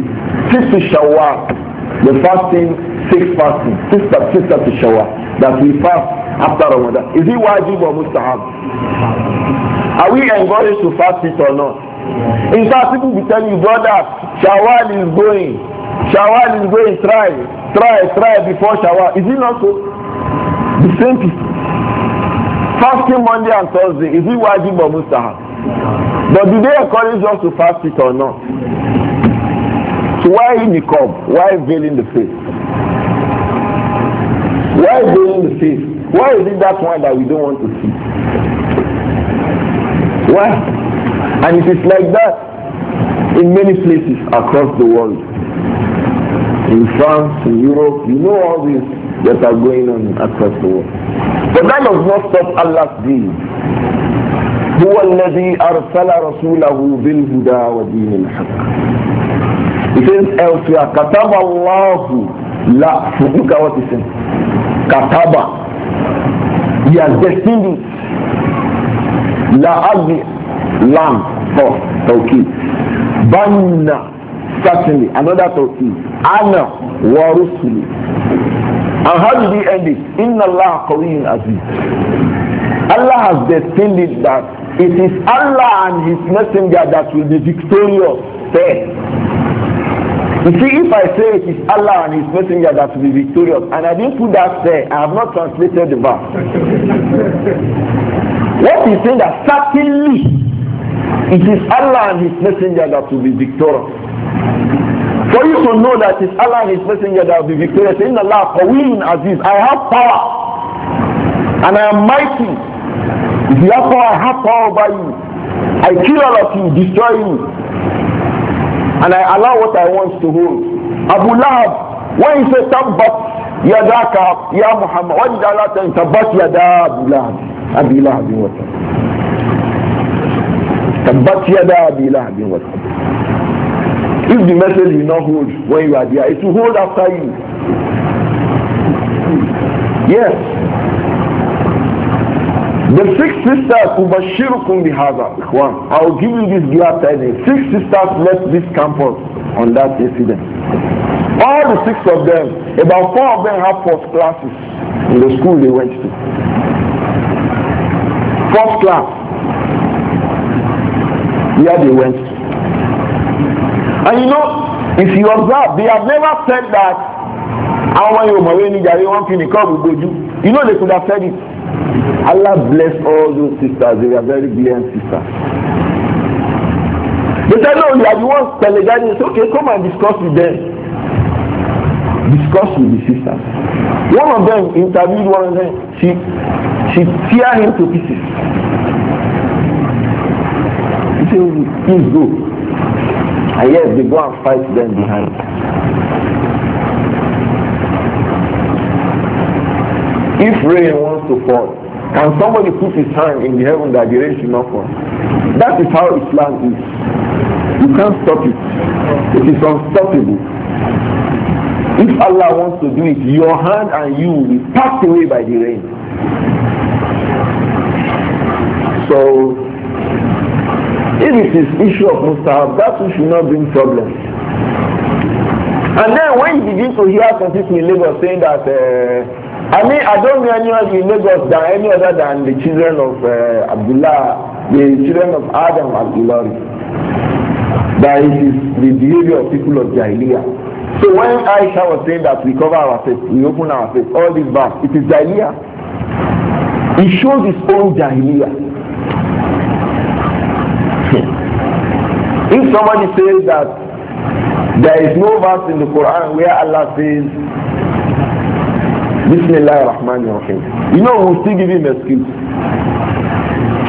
Six to shawwal, the fasting, six fasting, six to, six to shawwal, that we fast after Ramadan. Is it wajib or mustahab? Are we encouraged to fast it or not? In fact, people be telling you, brother, shawwal is going. Shawwal is going, try, try, try before shawwal. Is it not so? The same people. Fasting Monday and Thursday, is it wajib or mustahab? But do they encourage us to fast it or not? So why niqab? Why veiling the face? Why veiling the face? Why is it that one that we don't want to see? Why? And it is like that in many places across the world. In France, in Europe, you know all these that are going on across the world, But that does not stop Allah's deed. هو الذي أرسل رسوله بالهدى ودين الحق. It says elsewhere, كتب الله لا look What is it says. كتب He has destined it. لا أبي لام for توكيد. بنا certainly another توكيد. أنا ورسلي And how did he end it? Inna Allah Qawiyyun Aziz. Allah has destined that it is Allah and His Messenger that will be victorious there. You see, if I say it is Allah and His Messenger that will be victorious, and I didn't put that there, I have not translated the verse. what is saying that certainly it is Allah and His Messenger that will be victorious. For you to know that it's Allah and His Messenger that will be victorious. In Allah, in Aziz, I have power. And I am mighty. Therefore, I have power over you. I kill all of you, destroy you. And I allow what I want to hold. Abu Lahab, when he said, Tabbat yadaka ya Muhammad, when did Allah tell him, Tabbat yada Abu Lahab? Abu Lahab, what? Tabbat yada Abu Lahab, what? If the message will not hold when you are there, it will hold after you. Yes. The six sisters, Ubashirukum Bihaza, one. I will give you this glad tidings. Six sisters left this campus on that incident. All the six of them, about four of them have first classes in the school they went to. First class. Where they went and you know if you observe they have never said that àwọn yóò mọ̀wé ní jàre wọ́n fi nìkan gbogbo ojú you know they could have said it Allah bless all those sisters they are very brilliant sisters they said no you are the one telegani it's okay come and discuss with them discuss with the sisters one of them interview one of them she she tear him to pieces he say please go And yes, they go and fight them behind. If rain wants to fall, can somebody put his hand in the heaven that the rain should not fall? That is how Islam is. You can't stop it. It is unstoppable. If Allah wants to do it, your hand and you will be passed away by the rain. So If it is issue of mustahab, that too should not bring problem. And then when you begin to hear some people in Lagos saying that, uh, I mean, I don't know anyone in Lagos than any other than the children of uh, Abdullah, the children of Adam and Abdullah. That it is the behavior of people of Jahiliyyah. So when Aisha was saying that we cover our face, we open our face, all this back, it is Jahiliyyah. It shows its own Jahiliyyah. somebody says that there is no verse in the Quran where Allah says, Bismillah ar-Rahman ar-Rahim. You know, we still give him excuse.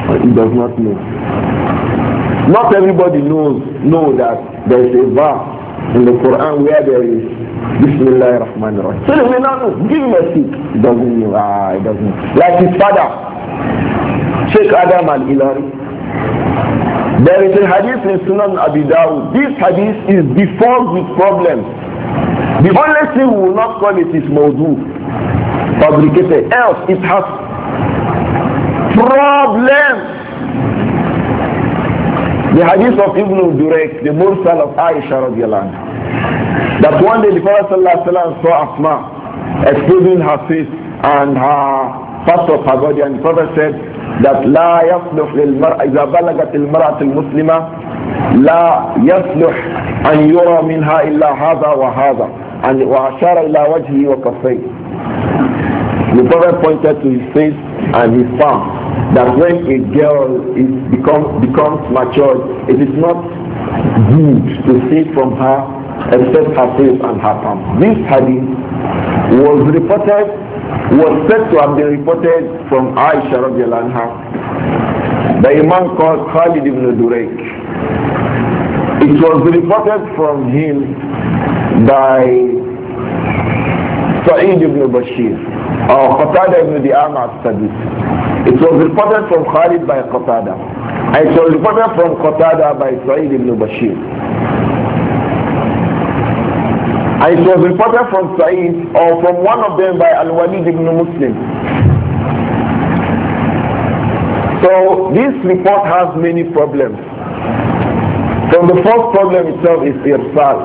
But he does not know. Not everybody knows know that there is a verse in the Quran where there is Bismillah ar-Rahman ar-Rahim. So he may not know. Give him excuse. He doesn't know. Ah, he doesn't. Like his father, Sheikh Adam al-Ilari. There is a hadith in Sunan Abi Dawud. This hadith is deformed with problems. The only thing we will not call it is Maudu, fabricated. Else it has problems. The hadith of Ibn Durek, the Mursal of Aisha radiallahu that one day the Prophet saw Asma exposing her face and her part of her body and the Prophet said, that لا يصلح للمرأة إذا بلغت المرأة المسلمة لا يصلح أن يرى منها إلا هذا وهذا and وأشار إلى وجهه وكفيه The Prophet pointed to his face and his palm that when a girl is become, becomes matured, it is not good to see from her except her face and her palm. This hadith was reported was said to have been reported from Aisha radiallahu by a Imam called Khalid ibn Durek. It was reported from him by Sa'id ibn Bashir or Qatada ibn Di'ama al-Sadiq. It was reported from Khalid by Qatada. And it was reported from Qatada by Sa'id ibn Bashir. And it was reported from Saeed or from one of them by Al-Walid ibn Muslim. So this report has many problems. So the first problem itself is irsal.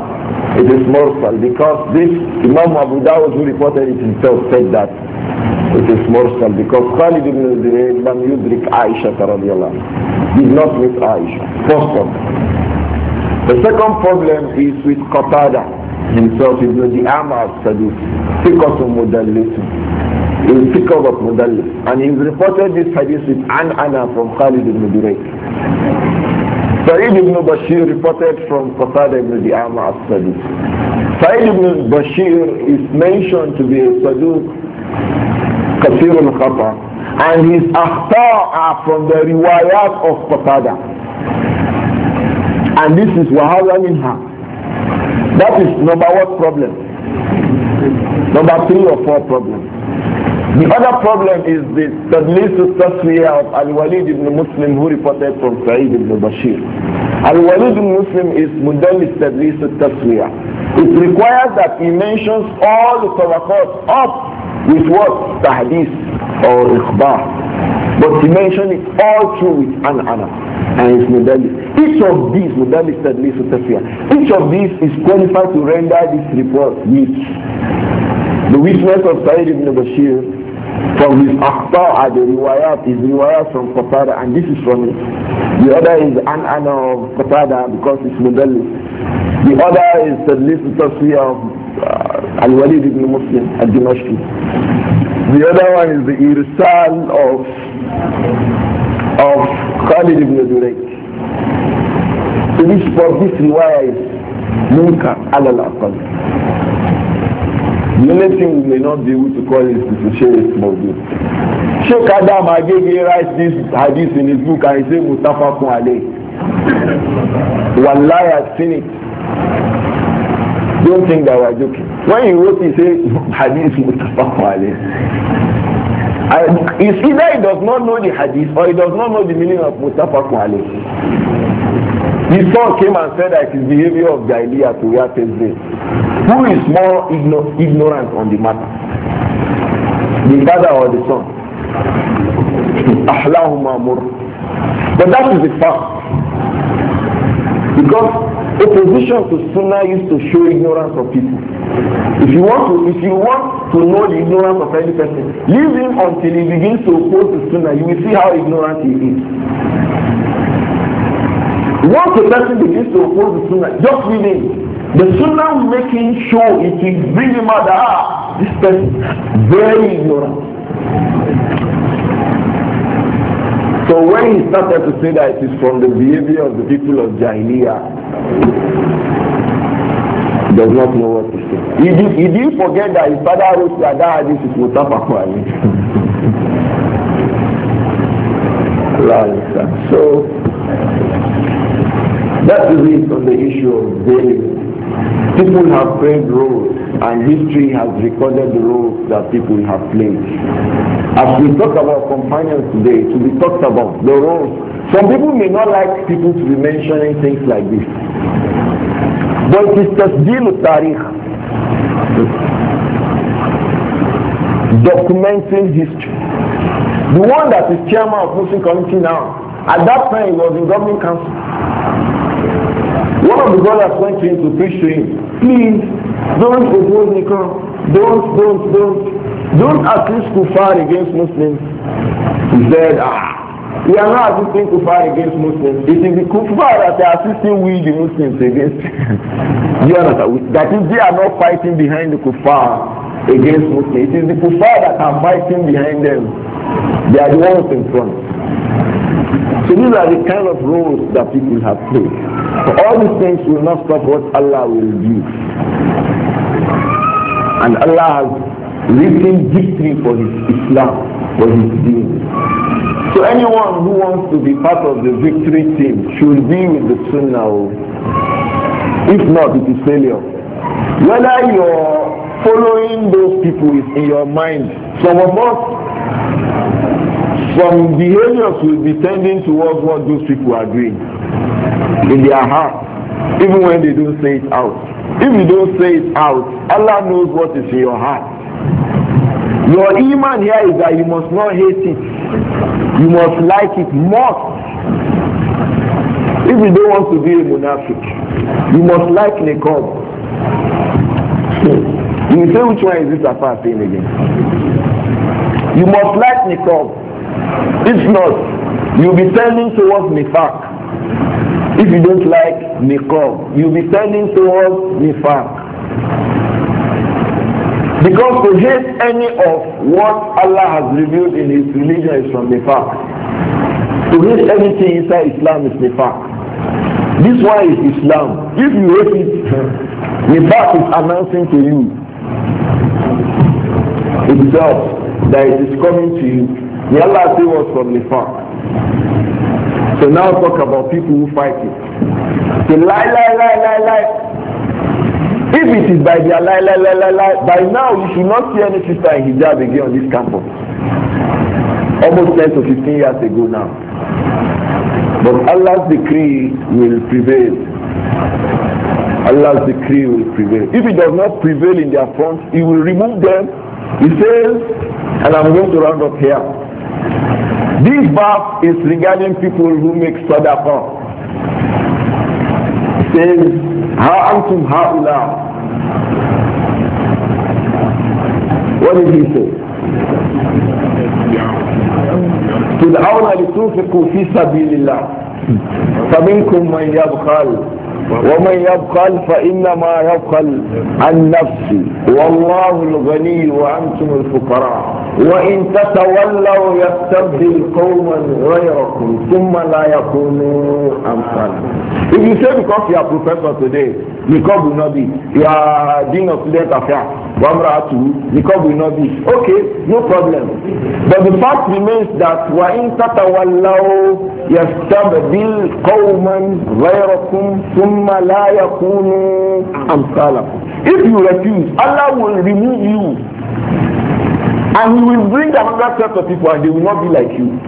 It is mursal because this Imam Abu Dawud who reported it himself said that it is mursal because Khalid ibn Zubayr lam yudrik Aisha radiyallahu did not meet Aisha. First problem. The second problem is with Qatada himself is the armor of Sadiq, Fikos of Mudallisun. He is Fikos of Mudallis. And he reported this hadith with An Ana from Khalid ibn Durayk. Sa'id ibn Bashir reported from Qatada ibn Di'ama al-Sadiq. Sa'id ibn Bashir is mentioned to be a Sadiq, Kasir al-Khata, and his akhtar are from the riwayat of Qatada. And this is Wahala Minha. That is number one problem. Number three or four problem. The other problem is the tadlis tasfiyah of Al-Walid ibn Muslim who reported from Sa'id ibn Bashir. Al-Walid ibn Muslim is mudallis tadlis taswiyah. It requires that he mentions all the tawakot up with what? Tahdis or ikhbar. But he mentioned it all through with an and his modality. Each of these modalities that leads to each of these is qualified to render this report weak. The witness of Sayyid ibn Bashir from his akhta'a, the riwayat, is riwayat from Qatada and this is from it. The other is an ana of Qatada because it's modalis. The other is the list of tafsir of uh, Al-Walid ibn Muslim al-Dimashqi. The other one is the irsal of of Khalid ibn Durayk. So this for this riwayah is Munkar al aqal The only thing we may not be able to call is to share is Mawdu. Sheikh Adam Agege writes this hadith in his book and he says Mutafakun alayh. Wallahi I've seen it. Don't think that we're joking. When he wrote he said hadith Mutafakun alayh. I, it's either he does not know the hadith or he does not know the meaning of Mustafa Kwale. The son came and said that his behavior of Galilee to where takes place. Who is more igno- ignorant on the matter? The father or the son? Ahlahuma mur. But that is the fact. Because opposition to Sunnah used to show ignorance of people. If you want to, if you want to know the ignorance of any person. Leave him until he begins to oppose the sunnah. You will see how ignorant he is. Once a person begins to oppose the sunnah, just leave him. The sunnah will make him show it will bring him out ah, this person very ignorant. So when he started to say that it is from the behavior of the people of Jahiliyyah, does not know what to say. He, did, he did forget that his father wrote that that hadith is Mustafa Kwali. Eh? so, that is it on the issue of bailing. People have played roles and history has recorded the roles that people have played. As we talk about companions today, to be talked about the roles. Some people may not like people to be mentioning things like this. But it is tasjil documenting history. The one that is chairman of Muslim committee now, at that time he was in government council. One of the brothers went to him to preach to him, please don't oppose Nikon. Don't, don't, don't. Don't accuse Kufar against Muslims. He said, ah, we are not assisting kufar against Muslims. It is the kufar that are assisting we, the Muslims, against. you understand? That is, they are not fighting behind the kufar against Muslims. It is the kufar that are fighting behind them. They are the ones in front. So these are the kind of roles that people have played. all these things will not stop what Allah will do. And Allah has written victory for His Islam, for His deeds. anyone who wants to be part of the victory team should be with the Sunnah. Oh. If not, it is failure. Whether you're following those people is in your mind, some of us, some behaviors will be tending towards what those people are doing in their heart, even when they don't say it out. If you don't say it out, Allah knows what is in your heart. Your iman here is that you must not hate it. You must like it more. If you don't want to be a monarchic, you must like Nicob. Hmm. You say which one is this affair thing again? You must like Nicob. If not, you'll be turning towards Nifak. If you don't like Nicob, you'll be turning towards Nifak. Because to hate any of what Allah has revealed in His religion is from the fact. To hate anything inside Islam is the fact. This one is Islam. If you hate it, the fact is announcing to you itself that it is coming to you. The Allah say was from the fact. So now talk about people who fight it. Say lie, lie, lie, lie, lie. If it is by their lie, lie, lie, lie, lie, by now you should not see any sister in hijab again on this campus. Almost 10 to 15 years ago now. But Allah's decree will prevail. Allah's decree will prevail. If it does not prevail in their front, He will remove them. He says, and I'm going to round up here. This verse is regarding people who make sadaqah. says, ها أنتم هؤلاء What تدعون لتنفقوا في سبيل الله فمنكم من يبخل ومن يبخل فإنما يبخل عن نفسه والله الغني وأنتم الفقراء وإن تتولوا يستبدل قوما غيركم ثم لا يكونوا أمثالكم If you say because you are professor today, niqab will not be. You are dean of student affairs, Wamra Atu, niqab will not be. Okay, no problem. But the fact remains that وَإِن تَتَوَلَّوْا يَسْتَبْدِلْ قَوْمًا غَيْرَكُمْ ثُمَّ thumma la yakunu amsalakum. If you refuse, Allah will remove you. And he will bring another set of people and they will not be like you.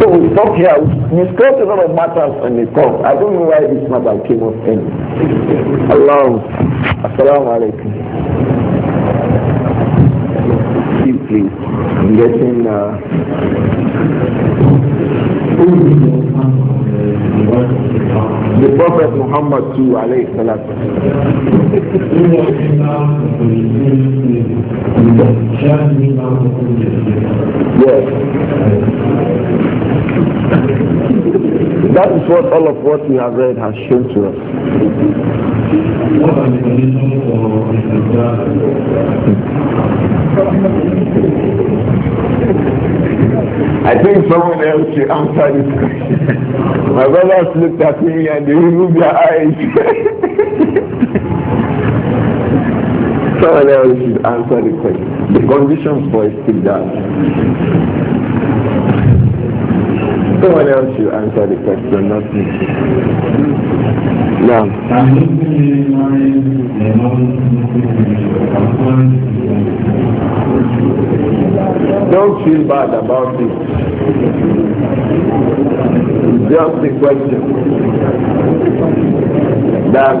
So we stop here. We discuss a lot of matters on the call. I don't know why this matter came up in. Allah. Assalamu alaikum. please. I'm getting. Uh, the Prophet Muhammad too, alayhi salatu. Yes. That is what all of what we have read has shown to us. I think someone else should answer this question. My brothers looked at me and they removed their eyes. Someone else should answer the question. The conditions for it still istibdal. Someone else should answer the question, not me. Now. Don't feel bad about it just a question that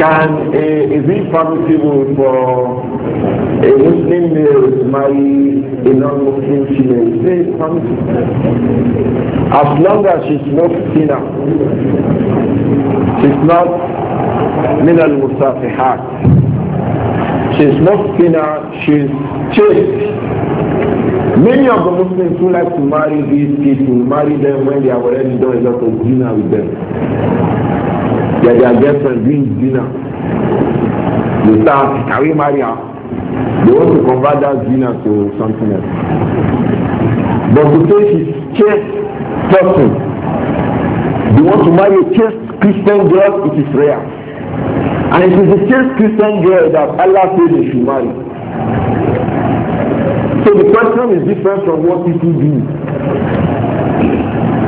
can a, is it permissible for a Muslim male to marry a non-Muslim female? Say permissible. As long as she's not sinner, she's not min al-musafihat. She's not sinner, she's chaste. Many of the Muslims who like to marry these kids will marry them when they have already done a lot of dinner with them. They are their girlfriend doing dinner. They start, can we marry her? They want to convert that dinner to something else. But to say is, chaste person, they want to marry a chaste Christian girl, it is rare. And it is a chaste Christian girl that Allah says they should marry. So the question is different from what people do.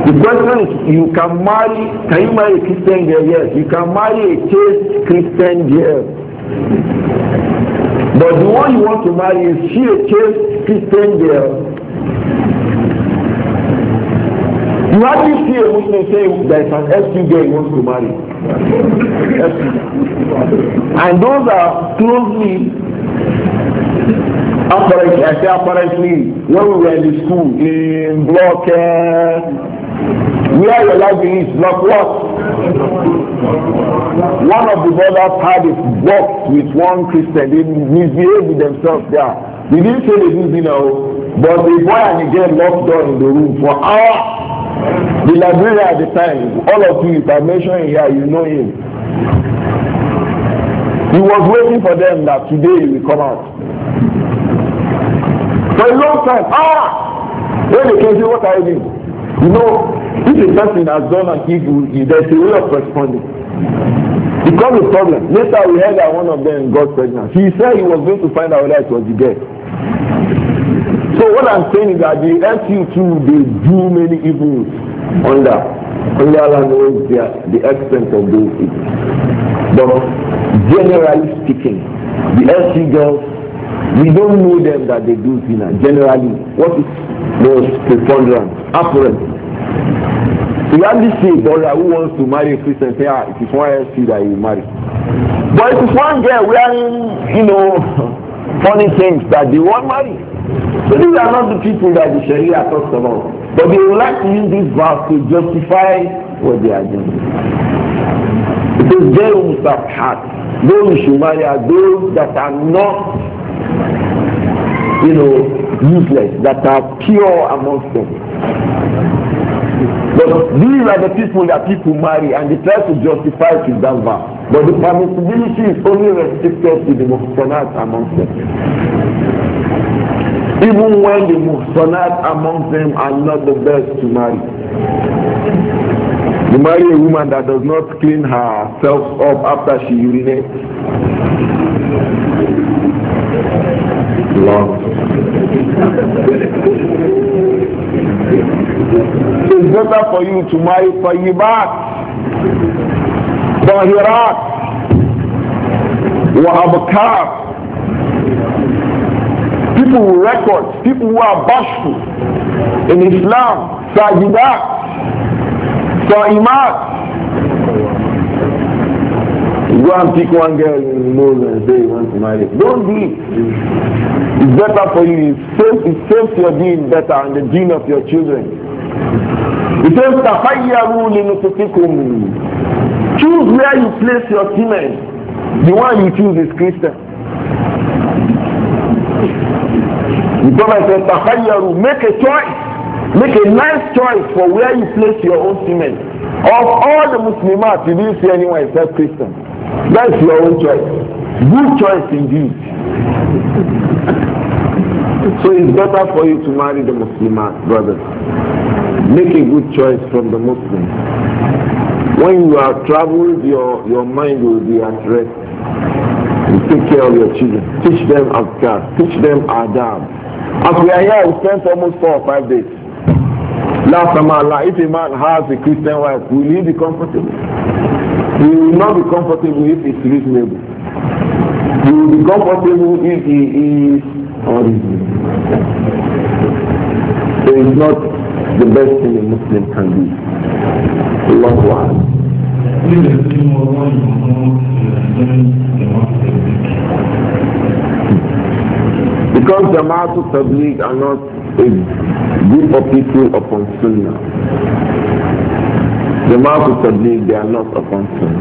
The question is you can marry, can you marry a Christian girl? Yes. You can marry a chaste Christian girl. But the one you want to marry, is she a chaste Christian girl? You hardly see a Muslim say there is an SU girl he wants to marry. and those are closely apparently i say apparently when we were in school in block uh, where your library is block what one of the brothers had a box with one christian they misbehaved with themselves there they didn't say they didn't know but the boy and the girl locked door in the room for hours the librarian at the time all of you if i mention him here you know him he was waiting for them that today he will come out for a long time. Ah! When they came to what I mean? You know, if a person has done an evil, there's a way of responding. It becomes a problem. Later we heard that one of them got pregnant. He said he was going to find out whether it was the girl. So what I'm saying is that the LTU too, they do many evils under. under Allah knows the, the extent of those things. But generally speaking, the LTU girls We don't know them that they do zina. Generally, what is most preponderant? Apparent. We hardly see a brother who wants to marry a Christian say, ah, it is one LC that you marry. But it is one girl wearing, you know, funny things that they won't marry. So these are not the people that the Sharia talks about. But they would like to use this verse to justify what they are doing. It is their own heart. Those who marry are those that are not you know, useless, that are pure amongst them. But these are the people that people marry and they try to justify to that verse. But the permissibility is only restricted to the muhsanat amongst them. Even when the muhsanat amongst them are not the best to marry. You marry a woman that does not clean herself up after she urinates lọ. It's better for you to marry tayyibat, tahirat, wa abkar. People who record, people who are bashful in Islam, sajidat, saimat, You go and pick one girl in the nose and say you want to marry. Don't do it. It's better for you. It saves, it saves your deen better and the deen of your children. It says, Choose where you place your semen. The one you choose is Christian. The Prophet said, Make a choice. Make a nice choice for where you place your own semen. Of all the Muslims, you didn't see anyone except Christian. That's your own choice. Good choice indeed. So it's better for you to marry the Muslim brother. Make a good choice from the Muslim. When you are troubled, your, your mind will be at rest. You take care of your children. Teach them Afghan. Teach them Adam. As we are here, we spent almost four or five days. Last time Allah, if a man has a Christian wife, will he be comfortable? You will not be comfortable if it's reasonable. You will be comfortable if he is unreasonable. So it's not the best thing a Muslim can do. Allahu one Because the of Tabliq are not a group of people upon Sunnah. The Mahu Tabligh, they are not a concern.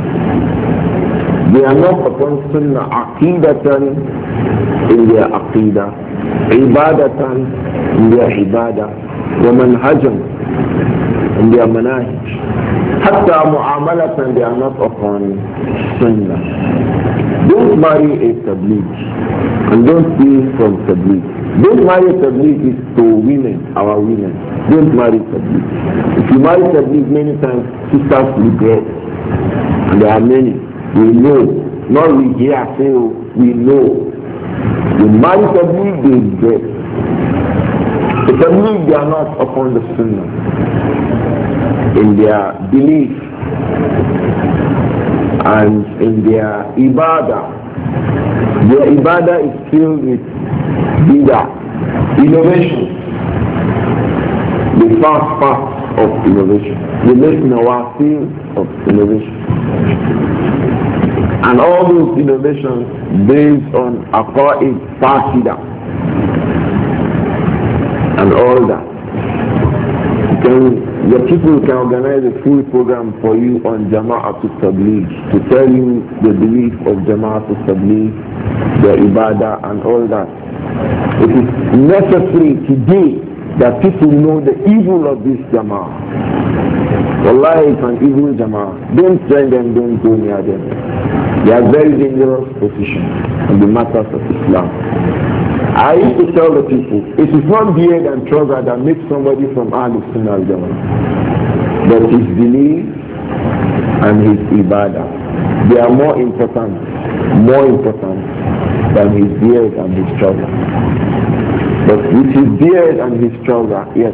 They are not upon Sunnah aqidatan in their aqidah, ibadatan in their ibadah, wa manhajan in their manahij. Hatta mu'amalatan, they are not upon Sunnah. Don't marry a Tabligh and don't be from Tabligh. Don't marry a is to women, our women. Don't marry Tabligh. If you marry Tabligh many times, to regret. And there are many. We know. Not we hear say, oh, we know. You marry Tabligh, they regret. The Tabligh, they are not upon the Sunnah. In their belief and in their ibadah. Their ibadah is filled with bidah, innovation, the fast part of innovation, the our field of innovation. And all those innovations based on aqa'id, fasida, and all that. can, your people can organize a full program for you on Jama'at Tabligh to tell you the belief of Jama'at Tabligh, the Ibadah and all that. It is necessary today that people know the evil of this jama'ah. Allah is an evil jama'ah. Don't join them, don't go near them. They are very dangerous position in the matters of Islam. I used to tell the people, it is not beard and trouser that makes somebody from Ahlul Sunnah al-Jama'ah, but his belief and his ibadah. They are more important, more important than his beard and his trouser. But with his beard and his trouser, yes,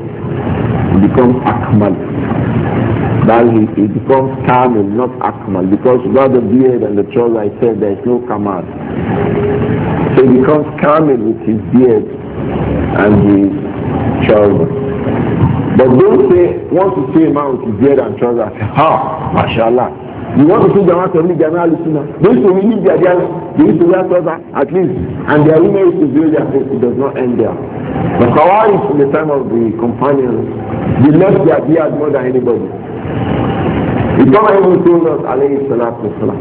he becomes Akmal. That he, he becomes Kamil, not Akmal. Because without the beard and the trouser, I said there is no Kamal. So he becomes Kamil with his beard and his trouser. But don't say, want to a man with his beard and trouser, ha, mashallah. You want to see the Jamaat Tabligh, Jamaat Al-Sunnah. Those who really their dialogue, they used to wear trouser at least. And their women used to do their face. It does not end there. The Khawarij in the time of the companions, they left their beard more than anybody. The Prophet even told us, alayhi salatu wasalam,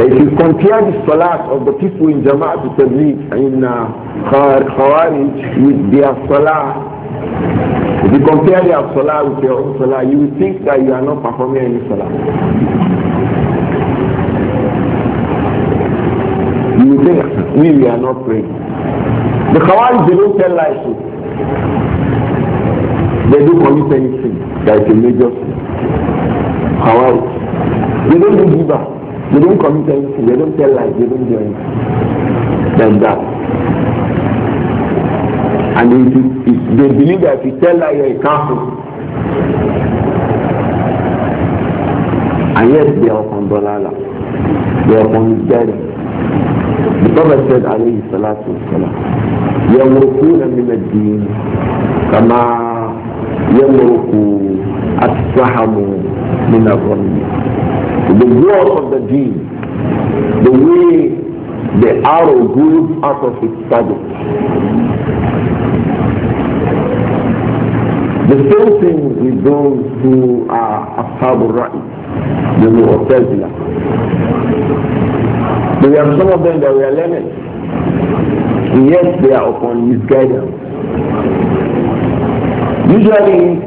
that if you compare the salat of the people in Jamaat to and in uh, Khawarij with their salat, you compare your salah with your own salah, you will think that you are not performing any salah. You will think we, we are not praying. The Khawarij, they don't tell lies. They don't commit anything that is a major sin. Khawarij. They don't do riba. They don't commit anything. They don't tell lies. They don't do anything like that. And if, they believe that if you tell that you're a counsel, and yet they are upon Dalala, they are upon Jerry. The Prophet said, alayhi salatu wasalam, يَمْرُقُونَ مِنَ الدِّينِ Kama يَمْرُقُ السَّحَمُ مِنَ الرَّمِّ The growth of the deen, the way the arrow goes out of its saddle, The same thing with those who are Ashab rai the Mu'tazila. There are some of them that we are learning. Yes, they are upon guidance. Usually,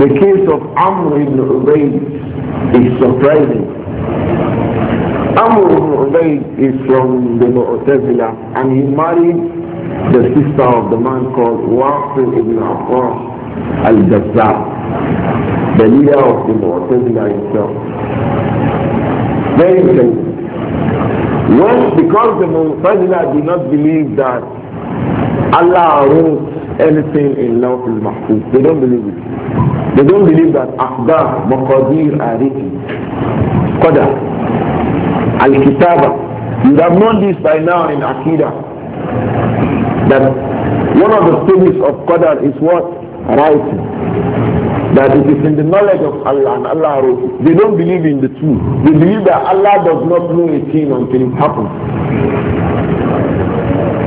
the case of Amr ibn Ubayd is surprising. Amr ibn Ubayd is from the Mu'tazila and he married the sister of the man called Waqil ibn Abbas. Al-Jazzar, the leader of the Mu'tazila himself. Very interesting. When, because the Mu'tazila do not believe that Allah wrote anything in Lawf al-Mahfuz, they don't believe it. They don't believe that Akhbar, Maqadir are written. Qadar, Al-Kitaba, you have known this by now in Akida. That one of the stages of Qadar is what? writing. That it is in the knowledge of Allah and Allah wrote. They don't believe in the truth. They believe that Allah does not know a thing until it happens.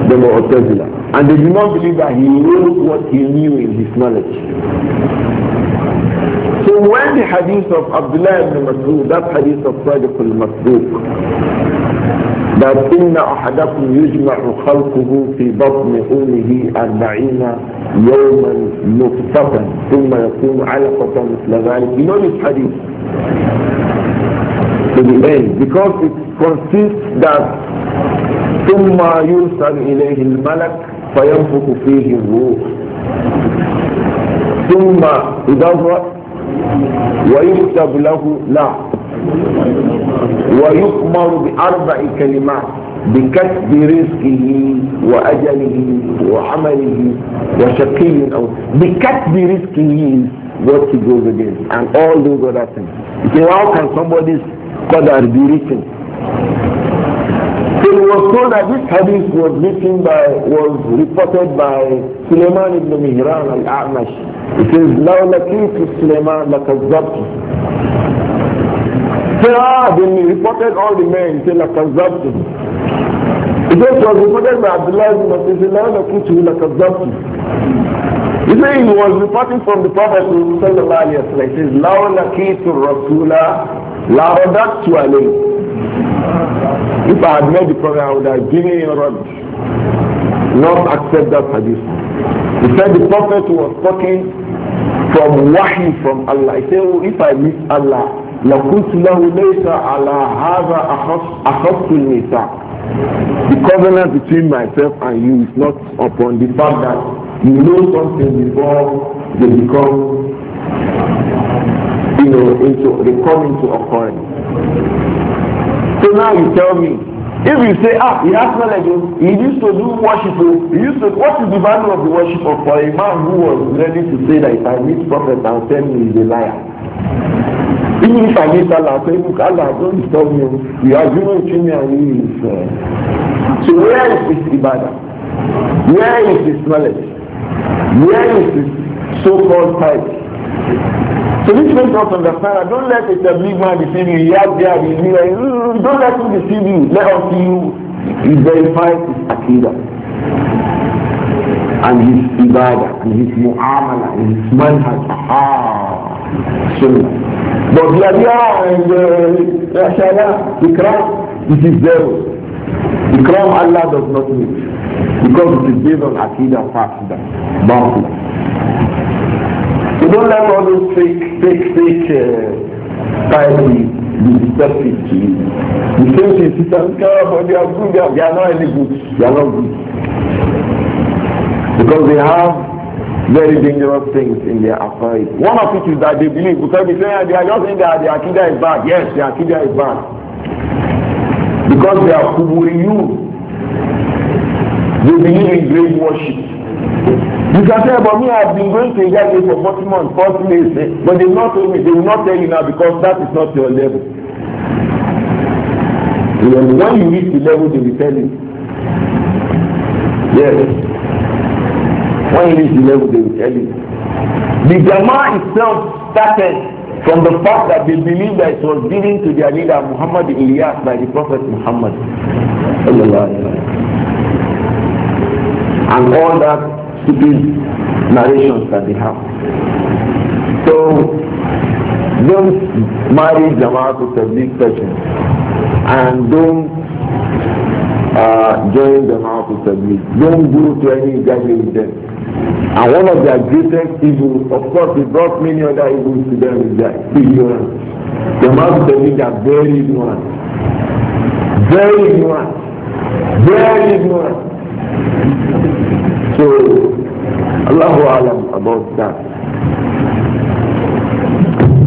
The Mu'tazila. And they do not believe that he knew what he knew in his knowledge. So when the hadith of Abdullah ibn Mas'ud, that hadith of Sadiq al-Masduq, بل إن أحدكم يجمع خلقه في بطن أمه أربعين يوما نطفة ثم يكون علقة مثل ذلك you know this hadith to the end because it consists that ثم يرسل إليه الملك فينفخ فيه الروح ثم إذا ويكتب له لا ويؤمر بأربع كلمات بكسب رزقه وأجله وعمله وشقي أو بكسب رزقه what he goes against and all those other things. You say, how can somebody's father be written? So it was told that this hadith was written by, was reported by Suleiman ibn Mihran al-A'mash. It says, لو لَكِيْتُ سليمان لكذبت Sarah bin reported all the men He said It was reported by Abdullah bin Masizillah Lakutu Lakazabtu. You know, he said he was reporting from the Prophet sallallahu said, wa sallam. He says, لَوْ لَكِيتُ الرَّسُولَ لَرَدَقْتُ عَلَيْهِ If I had made the Prophet, I would have given him a rod. Not accept that hadith. He said the Prophet was talking from wahi from Allah. He said, oh, if I meet Allah, لقلت له ليس على هذا أخص النساء The covenant between myself and you is not upon the fact that you know something before they become, you know, into, they come into occurrence. So now you tell me, if you say, ah, he has knowledge, oh, he used to do worship, oh, he used to, what is the value of the worship of for a man who was ready to say that if I meet prophet and tell me he's a liar? Even if I meet Allah, I say, look, Allah, don't disturb me. You are human to me and we is. So where is this ibadah? Where is this knowledge? Where is this so-called pipe? So this makes us understand that don't let it a big man deceive you. He has there, he Don't let him deceive you. Let us see you. He verifies his akida and his ibadah and his mu'amala and his manhaj. Ah, sunnah. But the idea and uh, mashallah, ikram, it is zero. Ikram Allah does not need because it is based on Aqidah, Fasida, Bafla. So don't let all those fake, fake, fake uh, titles be deceptive to you. The same thing, sister, oh, they are good, they are not any good, they are not good. Because they have very dangerous things in their affairs. One of it is that they believe, because they say they are just saying that the Akida is bad. Yes, the Akida is bad. Because they are Kuburiyun. They believe in grave worship. You can say, but me, I've been going to Ijayi for 40 months, 40 days, eh? but they not told me, they will not tell you now because that is not your level. When you reach the level, they will tell you. Yes. When you the level, they will tell you. The Jama itself started from the fact that they believed that it was given to their leader Muhammad Ilyas by the Prophet Muhammad. And all that stupid narrations that they have. So don't marry Jamaat to Tabligh person and don't uh, join Jamaat to Tabligh. Don't go to any gathering with them. And one of their greatest evils, of course, it brought many other evils to them is their ignorance. The amount of belief they are very ignorant. Very ignorant. Very ignorant. So, Allahu Alam about that.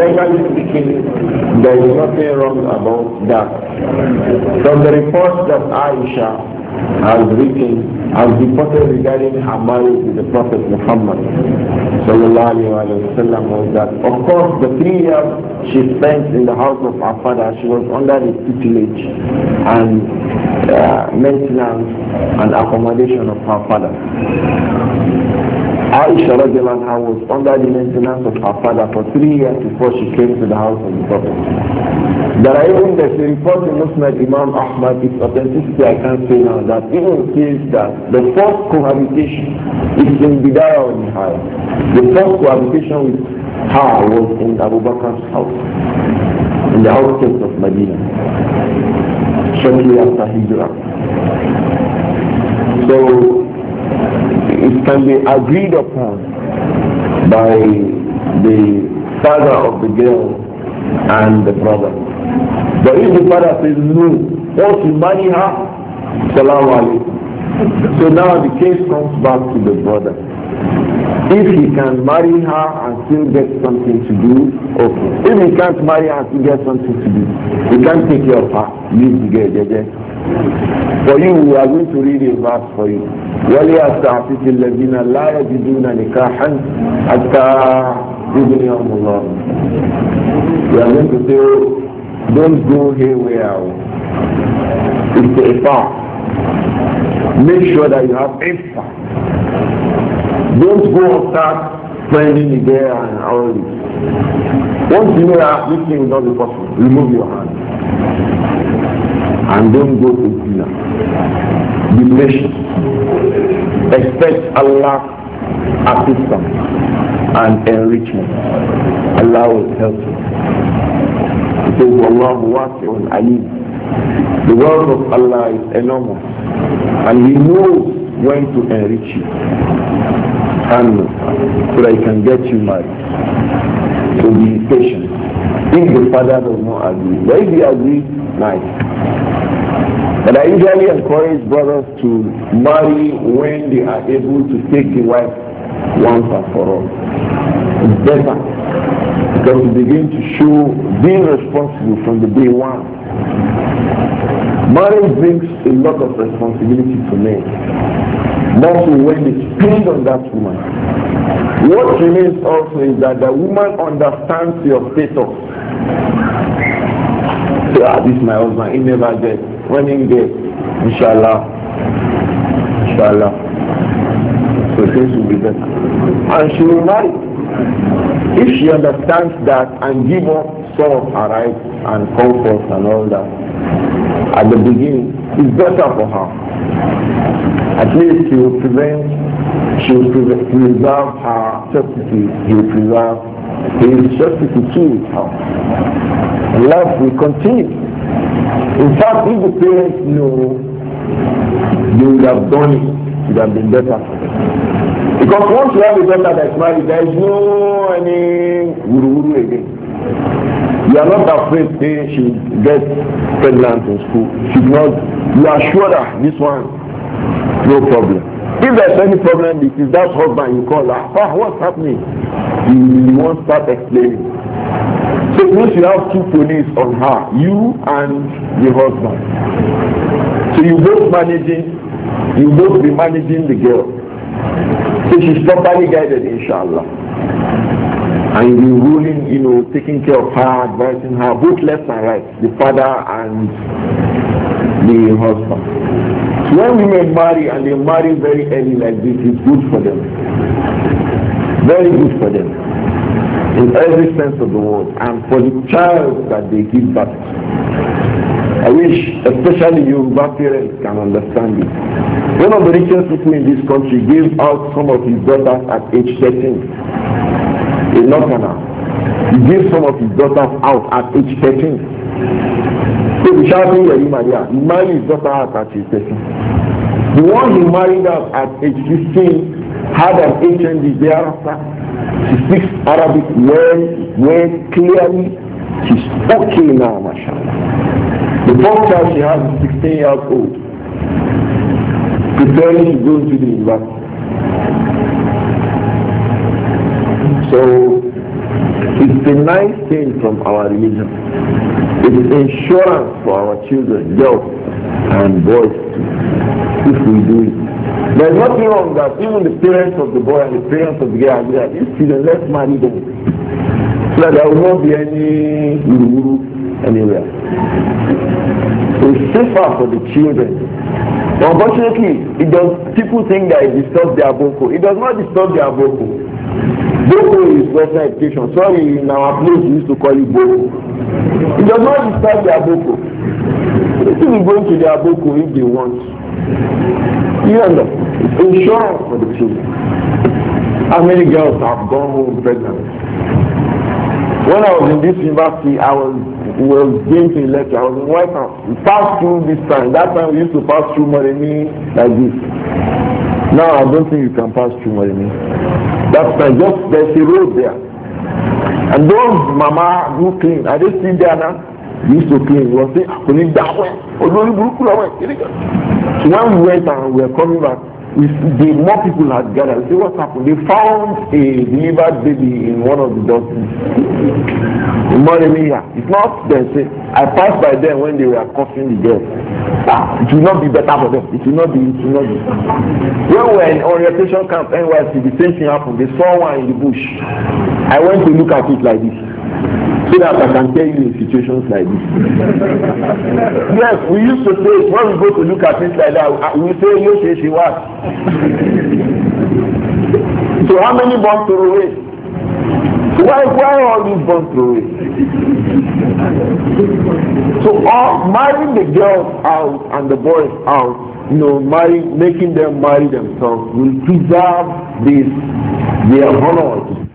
legally speaking, there is nothing wrong about that. From the reports that Aisha has written, has reported regarding her marriage with the Prophet Muhammad وسلم, that, of course, the three years she spent in the house of her father, she was under the tutelage and uh, maintenance and accommodation of her father. Aisha radiallahu was under the maintenance of her father for three years before she came to the house of the Prophet. There are even the reports report in Muslim Imam Ahmad, its authenticity I can't say now, that even says that the first cohabitation is in Bidaya or Nihaya. The first cohabitation with her was in Abu Bakr's house, in the outskirts of Medina, shortly after Hijrah. So can be agreed upon by the father of the girl and the brother. But if the father says no, once you marry her, salam alaikum. So now the case comes back to the brother. If he can marry her and still get something to do, okay. If he can't marry her and still get something to do, he can't take care of her. Leave the girl, Jeje. For you, we are going to read a verse for you. وليستعفف الذين لا يجدون نكاحا حتى يغنيهم الله. We are going to say, oh, don't go here haywire. Oh. It's a far. Make sure that you have a far. Don't go and start finding there and all this. Once you know that this thing will not be possible, remove your hand. And don't go to dinner. Be patient. Expect Allah's assistance and enrichment. Allah will help you. It says, Wallahu on alim. The word of Allah is enormous and He knows when to enrich you handle so that he can get you married. So be patient. If the father does not agree, but if he agrees, nice. But I usually encourage brothers to marry when they are able to take the wife once and for all. It's better because you begin to show being responsible from the day one. Marriage brings a lot of responsibility to men. More when they spend on that woman. What remains also is that the woman understands your status. so, ah, this is my husband, he never gets. When he gets, inshallah, inshallah. So things will be better. And she will marry. If she understands that and give up some of her rights and comfort and all that, at the beginning is better for her. At least she will prevent, she will prevent, preserve her chastity, he will preserve his chastity too with her. And life will continue. In fact, if the parents know, they would have done it, it would have been better. Because once you have a daughter that's married, there is no any wuru-wuru again. You are not afraid say she gets pregnant in school. She not. You are sure that this one, no problem. If there's any problem, it is that husband you call her. Ah, ah, what's happening? You, won't start explaining. So once you have two police on her, you and the husband. So you both managing, you both be managing the girl. So she's properly guided, inshallah. and will be ruling, you know, taking care of her, advising her, both left and right, the father and the husband. So when women marry and they marry very early like this, it's good for them. Very good for them. In every sense of the word. And for the child that they give birth. I wish especially you parents can understand it. One of the richest people in this country gave out some of his daughters at age 13 a northerner. He gave some of his daughters out at age 13. So the shouting Yerima there, he married his daughter out at age 13. The one he married out at age 15 had an HND thereafter. She speaks Arabic well, well, clearly. She's okay now, mashallah. The first child she has is 16 years old. Preparing to go into the university. So it's the nice thing from our religion. It is insurance for our children, girls and boys if we do it. There's nothing wrong that even the parents of the boy and the parents of the girl agree that these children, let's marry them. So that there will not be any wuru anywhere. It's safer for the children. Unfortunately, it does, people think that it disturbs their boko. It does not disturb their boko. Boko is Western education. Sorry, in our place we used to call it Boko. It does not describe their Boko. They still be going to their Boko if they want. You understand? Insurance for the children. How many girls have gone home pregnant? When I was in this university, I was was going to elect. I was in White House. We passed through this time. That time we used to pass through Moremi like this. Now I don't think you can pass through Marimi. That's my Just there's a road there. And those mama who clean, are they still there now? used to clean. We were saying, I couldn't that way. So when we went and we were coming back, the more people had gathered, see what happened. They found a delivered baby in one of the dustbins. Moremiya. It's not them say, I passed by them when they were coughing the girl. Ah, it will not be better for them. It will not be, it will not be. When we were in orientation camp, NYC, the same thing happened. They saw one in the bush. I went to look at it like this so that I can tell you in situations like this. yes, we used to say when we go to look at things like that, we say you say she was. so how many bombs to away? Why why all these bombs to away? So all, marrying the girls out and the boys out, you know, marry, making them marry themselves will preserve this their honor